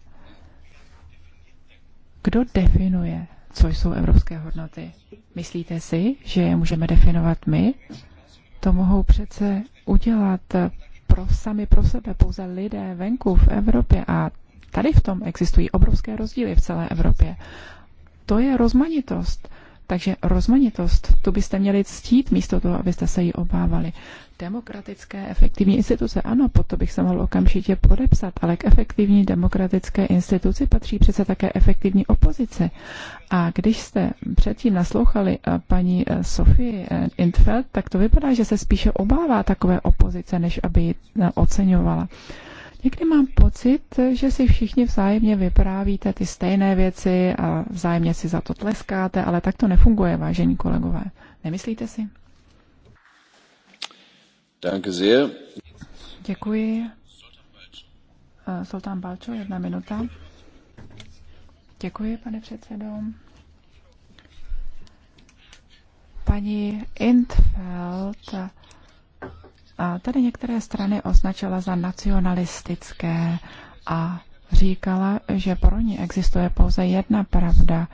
Kdo definuje, co jsou evropské hodnoty? Myslíte si, že je můžeme definovat my? To mohou přece udělat pro sami pro sebe pouze lidé venku v Evropě a tady v tom existují obrovské rozdíly v celé Evropě. To je rozmanitost. Takže rozmanitost, tu byste měli ctít místo toho, abyste se ji obávali. Demokratické, efektivní instituce, ano, pod to bych se mohl okamžitě podepsat, ale k efektivní demokratické instituci patří přece také efektivní opozice. A když jste předtím naslouchali eh, paní eh, Sofii eh, Intfeld, tak to vypadá, že se spíše obává takové opozice, než aby ji oceňovala. Někdy mám pocit, že si všichni vzájemně vyprávíte ty stejné věci a vzájemně si za to tleskáte, ale tak to nefunguje, vážení kolegové. Nemyslíte si? Danke sehr. Děkuji. Eh, Sultán Balčo, jedna minuta. Děkuji, pane předsedo. Paní Intfeld a tady některé strany označila za nacionalistické a říkala, že pro ní existuje pouze jedna pravda.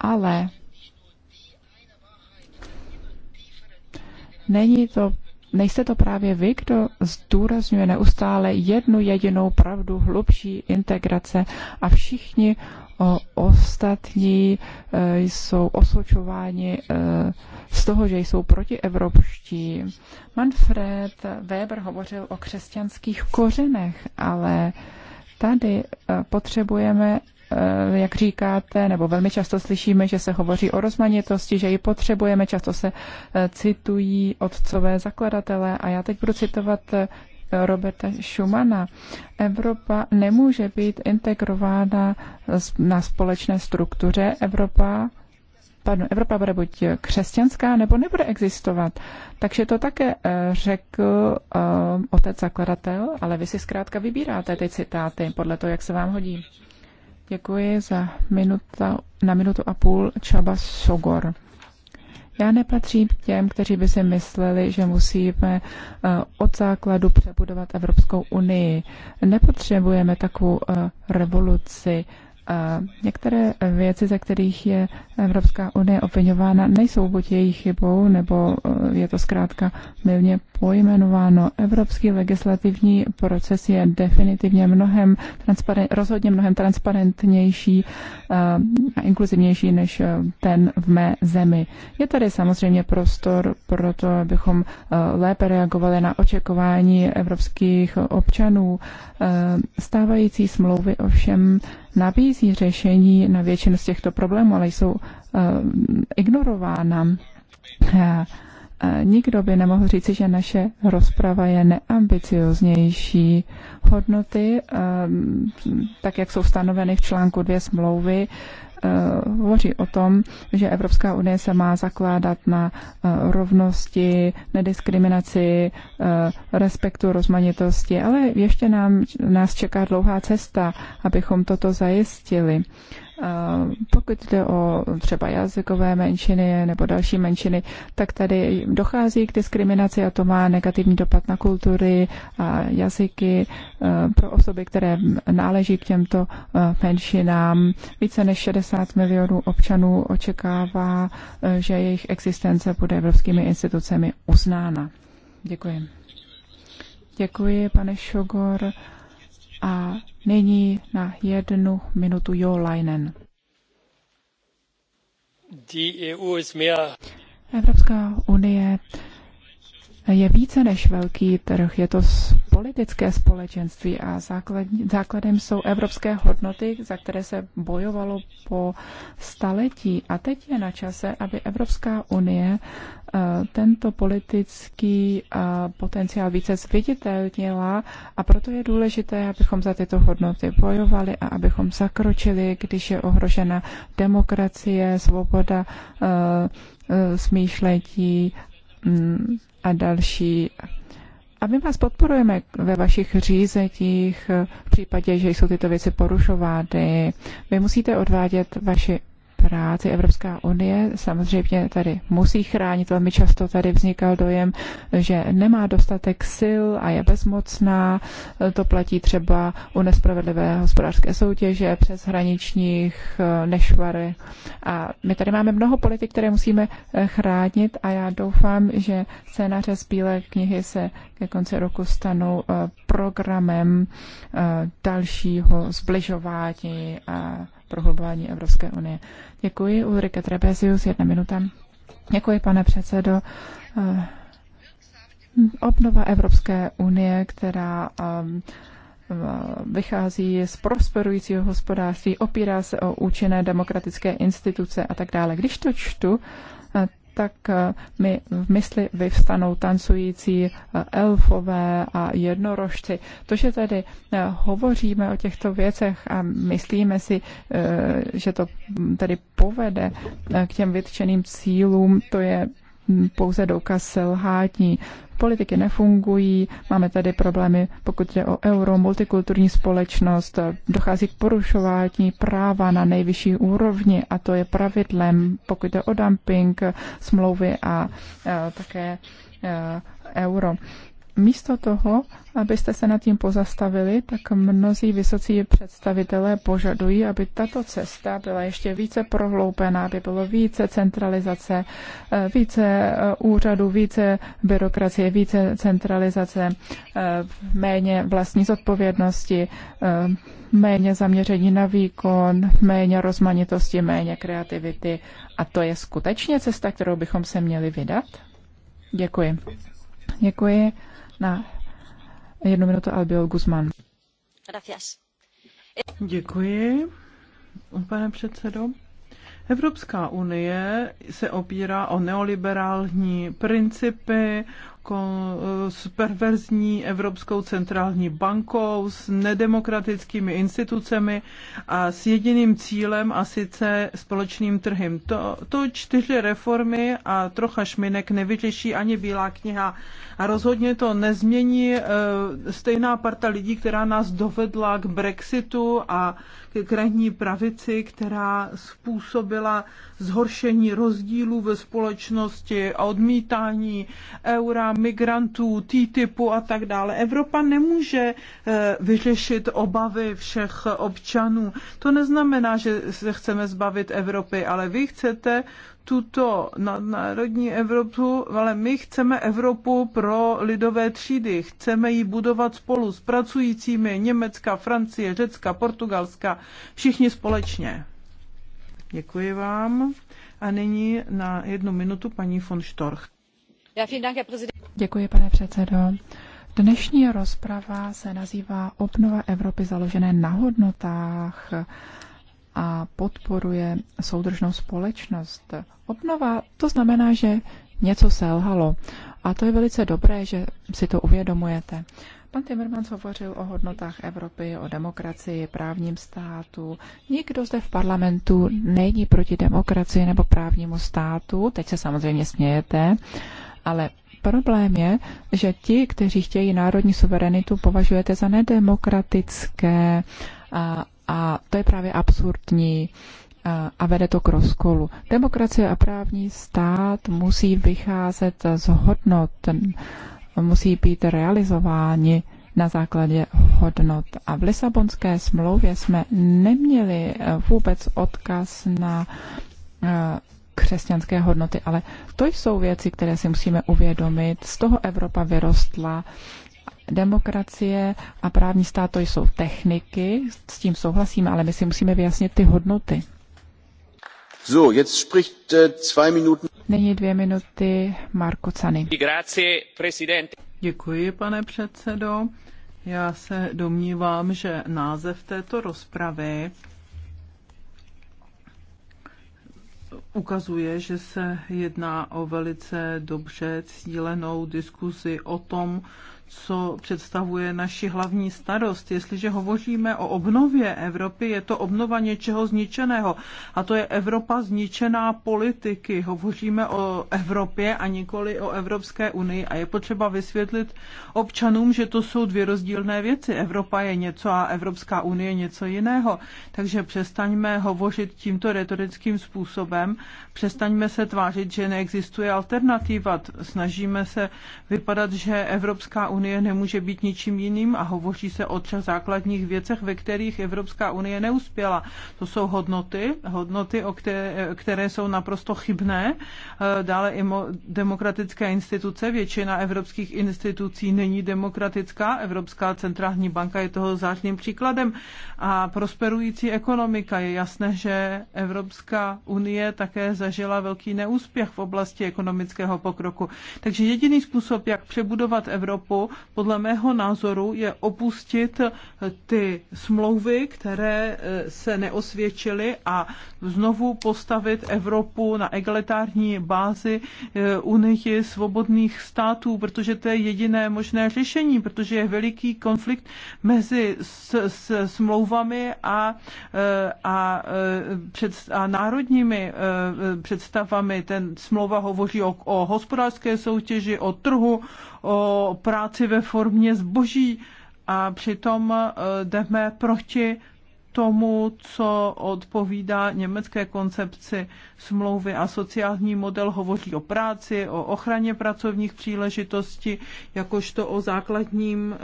Ale není to Nejste to právě vy, kdo zdůrazňuje neustále jednu jedinou pravdu hlubší integrace a všichni ostatní e, jsou osočováni e, z toho, že jsou protievropští. Manfred Weber hovořil o křesťanských kořenech, ale tady e, potřebujeme jak říkáte, nebo velmi často slyšíme, že se hovoří o rozmanitosti, že ji potřebujeme, často se citují otcové zakladatelé a já teď budu citovat Roberta Schumana. Evropa nemůže být integrována na společné struktuře. Evropa pardon, Evropa bude buď křesťanská, nebo nebude existovat. Takže to také eh, řekl um, otec zakladatel, ale vy si zkrátka vybíráte ty citáty podle toho, jak se vám hodí. Děkuji za minuta, na minutu a půl Čaba Sogor. Já nepatřím k těm, kteří by si mysleli, že musíme eh, od základu přebudovat Evropskou unii. Nepotřebujeme takovou eh, revoluci. Některé věci, ze kterých je Evropská unie obvinována, nejsou buď jejich chybou, nebo eh, je to zkrátka milně pojmenováno. Evropský legislativní proces je definitivně mnohem transparent, rozhodně mnohem transparentnější eh, a inkluzivnější než eh, ten v mé zemi. Je tady samozřejmě prostor pro to, abychom lépe reagovali na očekování evropských občanů. Stávající smlouvy ovšem nabízí řešení na většinu z těchto problémů, ale jsou Eh, ignorována. Eh, eh, nikdo by nemohl říci, že naše rozprava je neambicioznější. Hodnoty, tak jak jsou stanoveny v článku dvě smlouvy, hovoří o tom, že Evropská unie se má zakládat na rovnosti, nediskriminaci, respektu rozmanitosti, ale ještě nám, nás čeká dlouhá cesta, abychom toto zajistili. Pokud jde o třeba jazykové menšiny nebo další menšiny, tak tady dochází k diskriminaci a to má negativní dopad na kultury a jazyky e, pro osoby, které náleží k těmto e, menšinám. Více než 60 milionů občanů očekává, e, že jejich existence bude evropskými institucemi uznána. Děkuji. Děkuji, pane Šogor. A nyní na jednu minutu Jo Leinen. E Evropská unie je více než velký trh, je to politické společenství a základem jsou evropské hodnoty, za které se bojovalo po staletí. A teď je na čase, aby Evropská unie eh, tento politický eh, potenciál více zviditelnila a proto je důležité, abychom za tyto hodnoty bojovali a abychom zakročili, když je ohrožena demokracie, svoboda eh, smýšletí mm, a další. A my vás podporujeme ve vašich řízeních v případě, že jsou tyto věci porušovány. Vy musíte odvádět vaši práci. Evropská unie samozřejmě tady musí chránit. Velmi často tady vznikal dojem, že nemá dostatek sil a je bezmocná. To platí třeba u nespravedlivé hospodářské soutěže, přes hraničních eh, nešvary. A my tady máme mnoho politik, které musíme eh, chránit a já doufám, že scénáře z Bílé knihy se ke konci roku stanou eh, programem dalšího zbližování a prohlubování Evropské unie. Děkuji. Ulrike Trebesius, jedna minuta. Děkuji, pane předsedo. Eh, obnova Evropské unie, která ehm, eh, vychází z prosperujícího hospodářství, opírá se o účinné demokratické instituce a tak dále. Když to čtu, tak eh, mi v mysli vyvstanou tancující eh, elfové a jednorožci. To, že tedy eh, hovoříme o těchto věcech a myslíme si, že to tedy povede k těm vytčeným cílům, to je pouze důkaz selhání. Politiky nefungují, máme tady problémy, pokud jde o euro, multikulturní společnost, dochází k porušování práva na nejvyšší úrovni a to je pravidlem, pokud jde o dumping, smlouvy a, a e, také a, e, euro. Místo toho, abyste se nad tím pozastavili, tak mnozí vysocí představitelé požadují, aby tato cesta byla ještě více prohloupená, aby bylo více centralizace, eh, více eh, úřadů, více byrokracie, více centralizace, eh, méně vlastní zodpovědnosti, méně zaměření na výkon, méně rozmanitosti, méně kreativity. A to je skutečně cesta, kterou bychom se měli vydat? Děkuji. Děkuji. Na jednu minutu Albiol Guzman. Gracias. Děkuji, pane předsedo. Evropská unie se opírá o neoliberální principy, s perverzní Evropskou centrální bankou, s nedemokratickými institucemi a s jediným cílem a sice společným trhem. To, to čtyři reformy a trocha šminek nevyřeší ani Bílá kniha a rozhodně to nezmění e, stejná parta lidí, která nás dovedla k Brexitu a k krajní pravici, která způsobila zhoršení rozdílů ve společnosti a odmítání eura, migrantů, TTIPu a tak dále. Evropa nemůže eh, vyřešit obavy všech občanů. To neznamená, že se chceme zbavit Evropy, ale vy chcete tuto národní Evropu, ale my chceme Evropu pro lidové třídy. Chceme ji budovat spolu s pracujícími Německa, Francie, Řecka, Portugalska, všichni společně. Děkuji vám. A nyní na jednu minutu paní von Storch. Děkuji, pane předsedo. Dnešní rozprava se nazývá Obnova Evropy založené na hodnotách a podporuje soudržnou společnost. Obnova to znamená, že něco selhalo. A to je velice dobré, že si to uvědomujete. Pan Timmermans hovořil o hodnotách Evropy, o demokracii, právním státu. Nikdo zde v parlamentu není proti demokracii nebo právnímu státu. Teď se samozřejmě smějete. Ale problém je, že ti, kteří chtějí národní suverenitu, považujete za nedemokratické a, a to je právě absurdní a, a vede to k rozkolu. Demokracie a právní stát musí vycházet z hodnot, musí být realizováni na základě hodnot. A v Lisabonské smlouvě jsme neměli vůbec odkaz na křesťanské hodnoty, ale to jsou věci, které si musíme uvědomit. Z toho Evropa vyrostla. Demokracie a právní stát to jsou techniky, s tím souhlasíme, ale my si musíme vyjasnit ty hodnoty. So, jetzt spricht äh, zwei Minuten. Nyní dvě minuty Marko Cany. Děkuji, pane předsedo. Já se domnívám, že název této rozpravy ukazuje, že se jedná o velice dobře cílenou diskuzi o tom, co představuje naši hlavní starost. Jestliže hovoříme o obnově Evropy, je to obnova něčeho zničeného. A to je Evropa zničená politiky. Hovoříme o Evropě a nikoli o Evropské unii. A je potřeba vysvětlit občanům, že to jsou dvě rozdílné věci. Evropa je něco a Evropská unie je něco jiného. Takže přestaňme hovořit tímto retorickým způsobem. Přestaňme se tvářit, že neexistuje alternativa. Snažíme se vypadat, že Evropská unie nemůže být ničím jiným a hovoří se o třech základních věcech, ve kterých Evropská unie neuspěla. To jsou hodnoty, hodnoty, o které, které jsou naprosto chybné. Eh, dále i demokratické instituce, většina evropských institucí není demokratická. Evropská centrální banka je toho zářným příkladem. A prosperující ekonomika je jasné, že Evropská unie také zažila velký neúspěch v oblasti ekonomického pokroku. Takže jediný způsob, jak přebudovat Evropu, podle mého názoru, je opustit eh, ty smlouvy, které eh, se neosvědčily a znovu postavit Evropu na egalitární bázi eh, Unii svobodných států, protože to je jediné možné řešení, protože je veliký konflikt mezi s, s smlouvami a, a, před, a národními představami. Ten smlouva hovoří o, o hospodářské soutěži, o trhu, o práci ve formě zboží a přitom eh, jdeme proti tomu, co odpovídá německé koncepci smlouvy a sociální model hovoří o práci, o ochraně pracovních příležitostí, jakožto o základním e, e,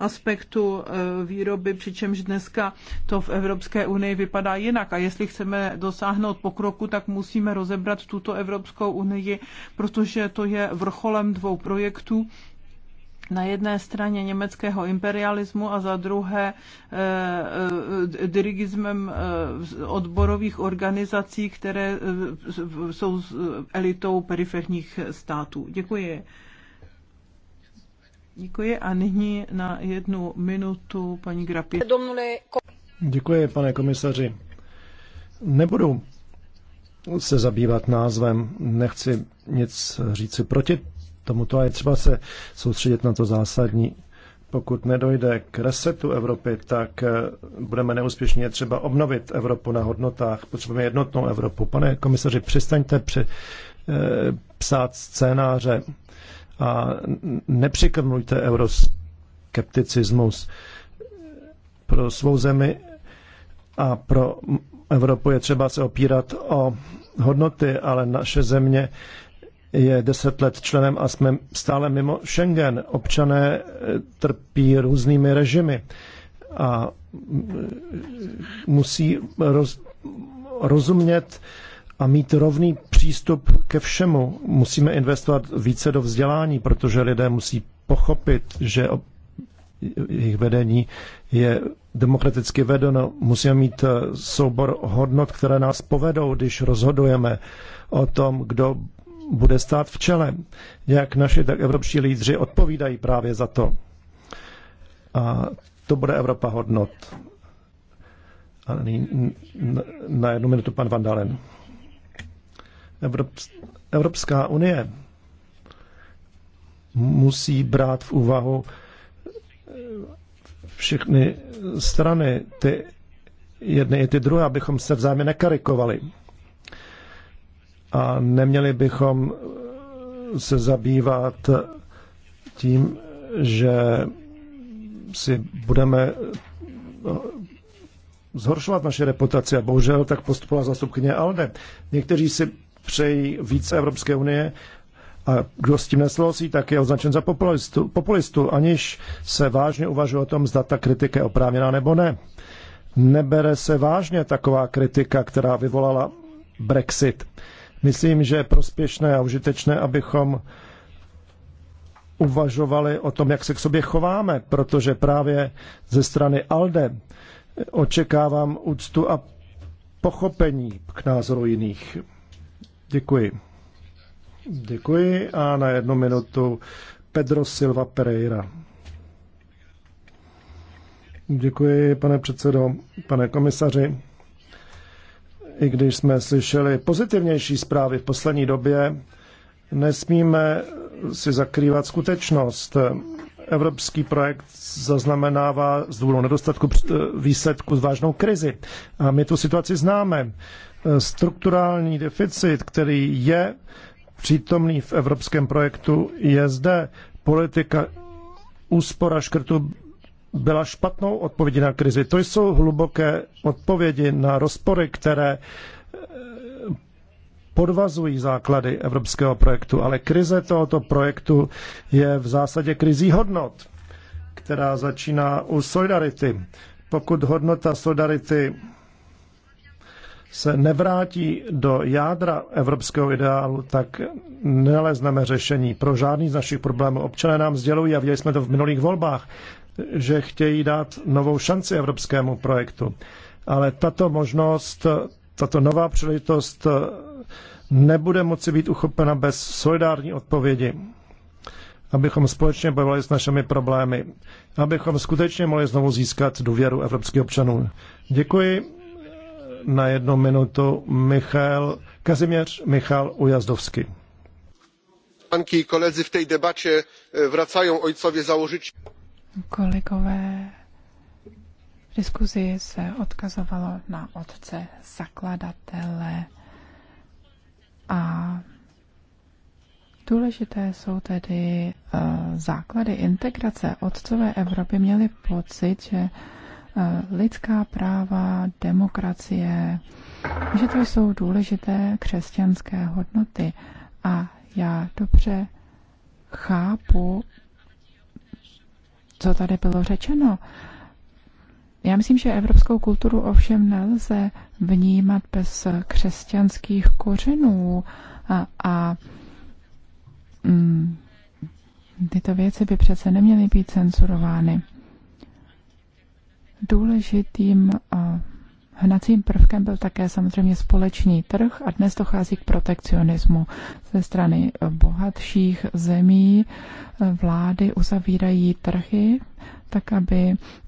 aspektu e, výroby, přičemž dneska to v Evropské unii vypadá jinak. A jestli chceme dosáhnout pokroku, tak musíme rozebrat tuto Evropskou unii, protože to je vrcholem dvou projektů, na jedné straně německého imperialismu a za druhé eh, eh, dirigismem eh, odborových organizací, které eh, jsou s elitou periferních států. Děkuji. Děkuji a nyní na jednu minutu paní Grapi. Děkuji, pane komisaři. Nebudu se zabývat názvem, nechci nic říci proti tomuto a je třeba se soustředit na to zásadní. Pokud nedojde k resetu Evropy, tak eh, budeme neúspěšní. Je třeba obnovit Evropu na hodnotách. Potřebujeme jednotnou Evropu. Pane komisaři, přestaňte při, e, psát scénáře a nepřikrmujte euroskepticismus. Pro svou zemi a pro Evropu je třeba se opírat o hodnoty, ale naše země je deset let členem a jsme stále mimo Schengen. Občané eh, trpí různými režimy a mm, eh, musí roz, rozumět a mít rovný přístup ke všemu. Musíme investovat více do vzdělání, protože lidé musí pochopit, že jejich vedení je demokraticky vedeno. Musíme mít eh, soubor hodnot, které nás povedou, když rozhodujeme o tom, kdo bude stát v čele. Jak naši, tak evropští lídři odpovídají právě za to. A to bude Evropa hodnot. A na jednu minutu pan Vandalen. Evropská unie musí brát v úvahu všechny strany, ty jedny i ty druhé, abychom se vzájemně nekarikovali a neměli bychom se zabývat tím, že si budeme eh, zhoršovat naše reputaci a bohužel tak postupovala zastupkyně ALDE. Někteří si přejí více Evropské unie a kdo s tím nesouhlasí, tak je označen za populistu, populistu, aniž se vážně uvažuje o tom, zda ta kritika je oprávněná nebo ne. Nebere se vážně taková kritika, která vyvolala Brexit. Myslím, že je prospěšné a užitečné, abychom uvažovali o tom, jak se k sobě chováme, protože právě ze strany ALDE očekávám úctu a pochopení k názoru jiných. Děkuji. Děkuji a na jednu minutu Pedro Silva Pereira. Děkuji, pane předsedo, pane komisaři i když jsme slyšeli pozitivnější zprávy v poslední době, nesmíme si zakrývat skutečnost. Evropský projekt zaznamenává z důvodu nedostatku výsledku vážnou krizi. A my tu situaci známe. Strukturální deficit, který je přítomný v evropském projektu, je zde. Politika úspora škrtu byla špatnou odpovědí na krizi. To jsou hluboké odpovědi na rozpory, které eh, podvazují základy evropského projektu, ale krize tohoto projektu je v zásadě krizí hodnot, která začíná u solidarity. Pokud hodnota solidarity se nevrátí do jádra evropského ideálu, tak nelezneme řešení pro žádný z našich problémů. Občané nám sdělují, a viděli jsme to v minulých volbách, že chtějí dát novou šanci evropskému projektu. Ale tato možnost, tato nová příležitost nebude moci být uchopena bez solidární odpovědi. Abychom společně bojovali s našimi problémy. Abychom skutečně mohli znovu získat důvěru evropských občanů. Děkuji. Na jednu minutu Michal Kazimierz Michal Ujazdowski. Koleżanki i koledzy, w tej debacie e, wracają ojcowie założyciele. Kolegové, v diskuzi se odkazovalo na otce zakladatele a Důležité jsou tedy uh, základy integrace. Otcové Evropy měli pocit, že uh, lidská práva, demokracie, že to jsou důležité křesťanské hodnoty. A já dobře chápu co tady bylo řečeno. Já myslím, že evropskou kulturu ovšem nelze vnímat bez křesťanských kořenů a, a mm, tyto věci by přece neměly být cenzurovány. Důležitým Hnacím prvkem byl také samozřejmě společný trh a dnes dochází k protekcionismu ze strany bohatších zemí. Eh, vlády uzavírají trhy tak, aby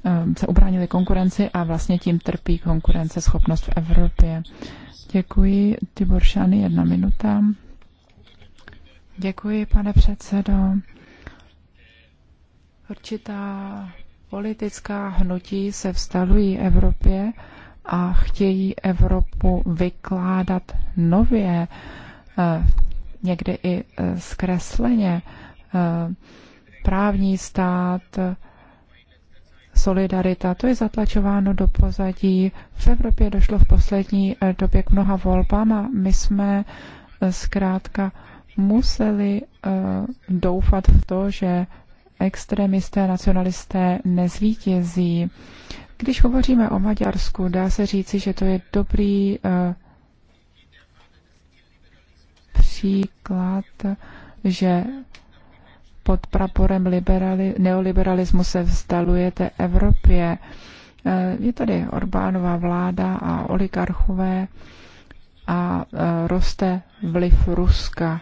eh, se ubránili konkurenci a vlastně tím trpí konkurenceschopnost v Evropě. Děkuji. Tibor Šany, jedna minuta. Děkuji, pane předsedo. Určitá politická hnutí se vstalují Evropě a chtějí Evropu vykládat nově, eh, někdy i eh, zkresleně. Eh, právní stát, solidarita, to je zatlačováno do pozadí. V Evropě došlo v poslední době k mnoha volbám a my jsme zkrátka museli doufat v to, že extremisté, nacionalisté nezvítězí. Když hovoříme o Maďarsku, dá se říci, že to je dobrý eh, příklad, že pod praporem liberali, neoliberalismu se vzdalujete Evropě. Eh, je tady Orbánová vláda a oligarchové a eh, roste vliv Ruska.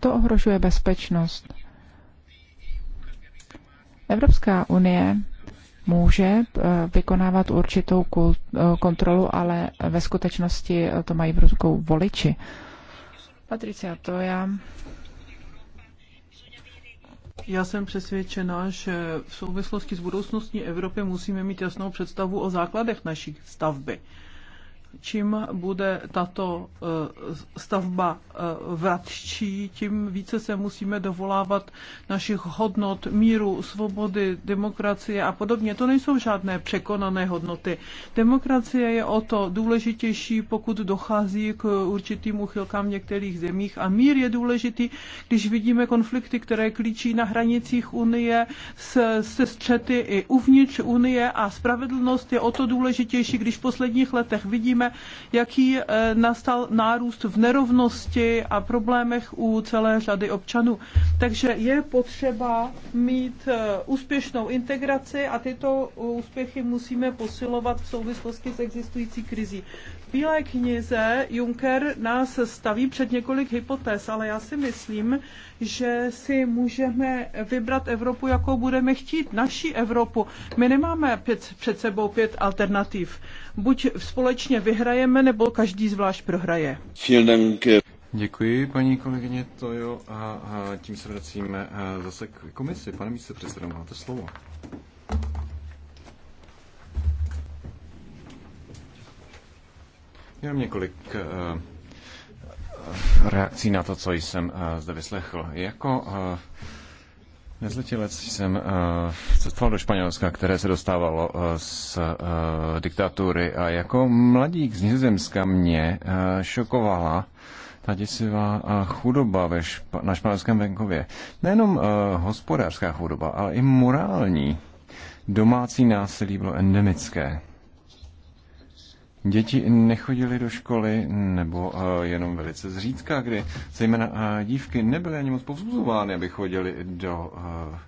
To ohrožuje bezpečnost. Evropská unie může eh, vykonávat určitou eh, kontrolu, ale ve skutečnosti eh, to mají v rukou voliči. Patricia, to já já jsem přesvědčena, že v souvislosti s budoucností Evropy musíme mít jasnou představu o základech naší stavby čím bude tato eh, stavba eh, vratčí, tím více se musíme dovolávat našich hodnot, míru, svobody, demokracie a podobně. To nejsou žádné překonané hodnoty. Demokracie je o to důležitější, pokud dochází k určitým uchylkám v některých zemích a mír je důležitý, když vidíme konflikty, které klíčí na hranicích Unie, se, se střety i uvnitř Unie a spravedlnost je o to důležitější, když v posledních letech vidíme, vidíme, jaký eh, nastal nárůst v nerovnosti a problémech u celé řady občanů. Takže je potřeba mít eh, úspěšnou integraci a tyto úspěchy musíme posilovat v souvislosti s existující krizí. V Bílé knize Juncker nás staví před několik hypotéz, ale já si myslím, že si můžeme vybrat Evropu, jakou budeme chtít, naši Evropu. My nemáme pět, před sebou pět alternativ. Buď společně vyhrajeme, nebo každý zvlášť prohraje. Děkuji, paní kolegyně Tojo, a, a tím se vracíme zase k komisi. Pane předsedo, máte slovo. Já mám několik uh, reakcí na to, co jsem eh, zde vyslechl. Jako eh, Nezletilec jsem eh, cestoval do Španělska, které se dostávalo z diktatury a jako mladík z Nizozemska mě šokovala ta děsivá chudoba ve špa- na španělském venkově. Nejenom hospodářská chudoba, ale i morální. Domácí násilí bylo endemické. Děti nechodily do školy, nebo eh, jenom velice zřídka, kdy zejména eh, dívky nebyly ani moc povzbuzovány, aby chodili do eh,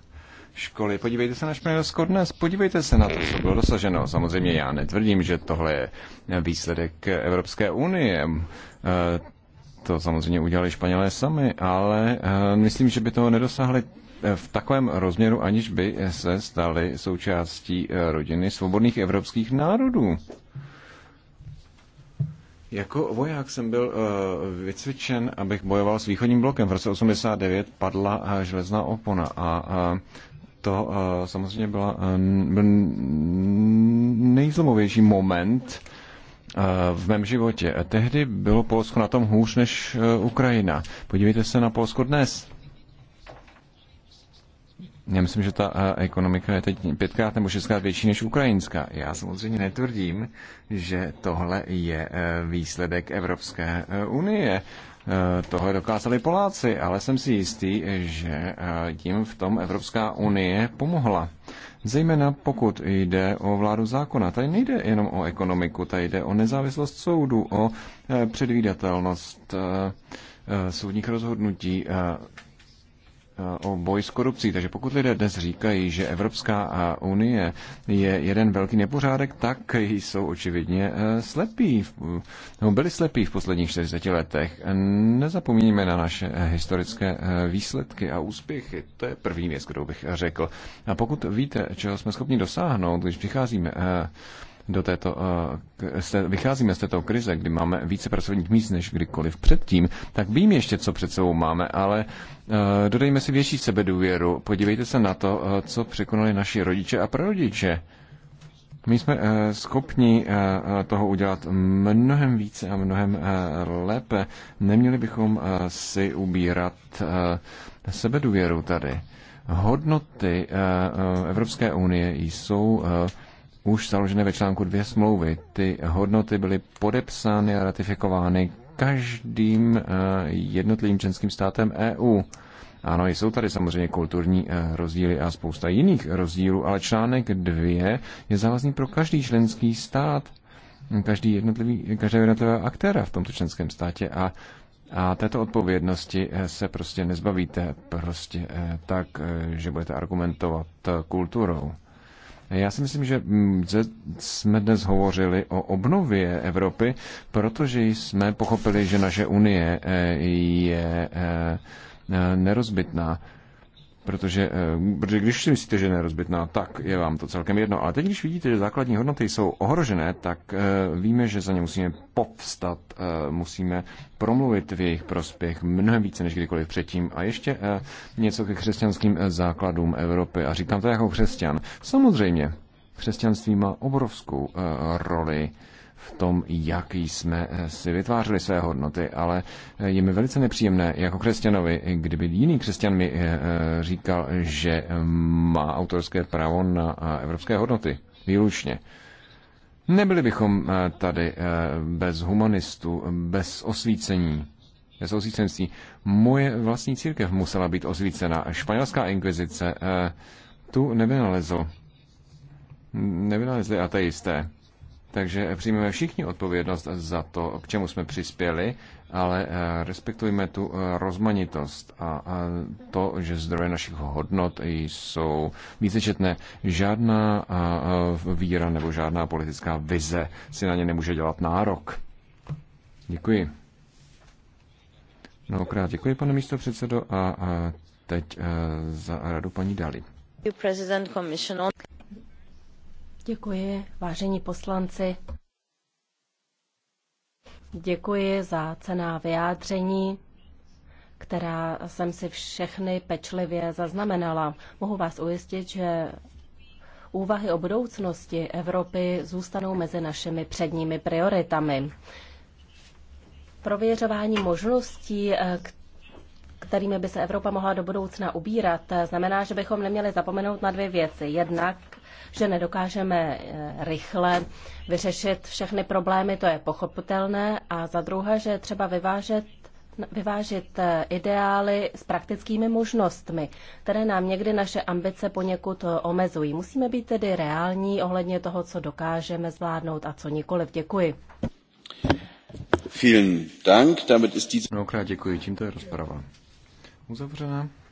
školy. Podívejte se na Španělsko dnes, podívejte se na to, co bylo dosaženo. Samozřejmě já netvrdím, že tohle je výsledek Evropské unie. To samozřejmě udělali Španělé sami, ale myslím, že by toho nedosáhli v takovém rozměru, aniž by se stali součástí rodiny svobodných evropských národů. Jako voják jsem byl eh, vycvičen, abych bojoval s východním blokem. V roce 89 padla eh, železná opona a eh, to samozřejmě byla, byl nejzlomovější moment v mém životě. Tehdy bylo Polsko na tom hůř než Ukrajina. Podívejte se na Polsko dnes. Já myslím, že ta eh, ekonomika je teď pětkrát nebo šestkrát větší než ukrajinská. Já samozřejmě netvrdím, že tohle je eh, výsledek Evropské eh, unie. Tohle dokázali Poláci, ale jsem si jistý, že tím v tom Evropská unie pomohla. Zejména pokud jde o vládu zákona. Tady nejde jenom o ekonomiku, tady jde o nezávislost soudu, o předvídatelnost soudních rozhodnutí, o boj s korupcí. Takže pokud lidé dnes říkají, že Evropská unie je jeden velký nepořádek, tak jsou očividně eh, slepí. No, byli slepí v posledních 40 letech. Nezapomíníme na naše historické eh, výsledky a úspěchy. To je první věc, kterou bych řekl. A pokud víte, čeho jsme schopni dosáhnout, když přicházíme eh, do této, eh, vycházíme z této krize, kdy máme více pracovních míst než kdykoliv předtím, tak vím ještě, co před sebou máme, ale eh, dodejme si větší sebedůvěru. Podívejte se na to, eh, co překonali naši rodiče a prarodiče. My jsme schopni toho udělat mnohem více a mnohem lépe. Neměli bychom si ubírat sebedůvěru tady. Hodnoty Evropské unie jsou už založené ve článku dvě smlouvy. Ty hodnoty byly podepsány a ratifikovány každým eh, jednotlivým členským státem EU. Ano, jsou tady samozřejmě kulturní eh, rozdíly a spousta jiných rozdílů, ale článek 2 je závazný pro každý členský stát, každý jednotlivý, každého jednotlivého aktéra v tomto členském státě a a této odpovědnosti eh, se prostě nezbavíte prostě tak, že budete argumentovat kulturou. Já si myslím, mm, že jsme dnes hovořili o obnově Evropy, protože jsme pochopili, že naše unie eh, je eh, eh, nerozbitná. Protože, eh, protože když si myslíte, že je nerozbitná, tak je vám to celkem jedno. Ale teď, když vidíte, že základní hodnoty jsou ohrožené, tak eh, víme, že za ně musíme povstat, eh, musíme promluvit v jejich prospěch mnohem více než kdykoliv předtím. A ještě něco ke křesťanským základům Evropy. A říkám to jako křesťan. Samozřejmě, křesťanství má obrovskou roli v tom, jak jsme eh, si vytvářeli své hodnoty, ale eh, je mi velice nepříjemné jako křesťanovi, kdyby jiný křesťan mi eh, říkal, že má autorské právo na evropské hodnoty výlučně. Nebyli bychom tady bez humanistů, bez osvícení, bez osvícenství. Moje vlastní církev musela být osvícena. Španělská inkvizice tu nevynalezl. Nevynalezli ateisté. Takže přijmeme všichni odpovědnost za to, k čemu jsme přispěli, ale eh, respektujme tu eh, rozmanitost a to, že zdroje našich hodnot jsou vícečetné. Žádná eh, víra nebo žádná politická vize si na ně nemůže dělat nárok. Děkuji. Mnohokrát děkuji, pane místo předsedo, a teď za radu paní Dali. Děkuji, vážení poslanci. Děkuji za cená vyjádření, která jsem si všechny pečlivě zaznamenala. Mohu vás ujistit, že úvahy o budoucnosti Evropy zůstanou mezi našimi předními prioritami. Prověřování možností, kterými by se Evropa mohla do budoucna ubírat, znamená, že bychom neměli zapomenout na dvě věci. Jednak že nedokážeme eh, rychle vyřešit všechny problémy, to je pochopitelné. A za druhé, že třeba vyvážet vyvážit eh, ideály s praktickými možnostmi, které nám někdy naše ambice poněkud eh, omezují. Musíme být tedy reální ohledně toho, co dokážeme zvládnout a co nikoliv. Děkuji. Vielen Dank. Damit ist diese... Mnohokrát děkuji. Tímto je rozprava uzavřena.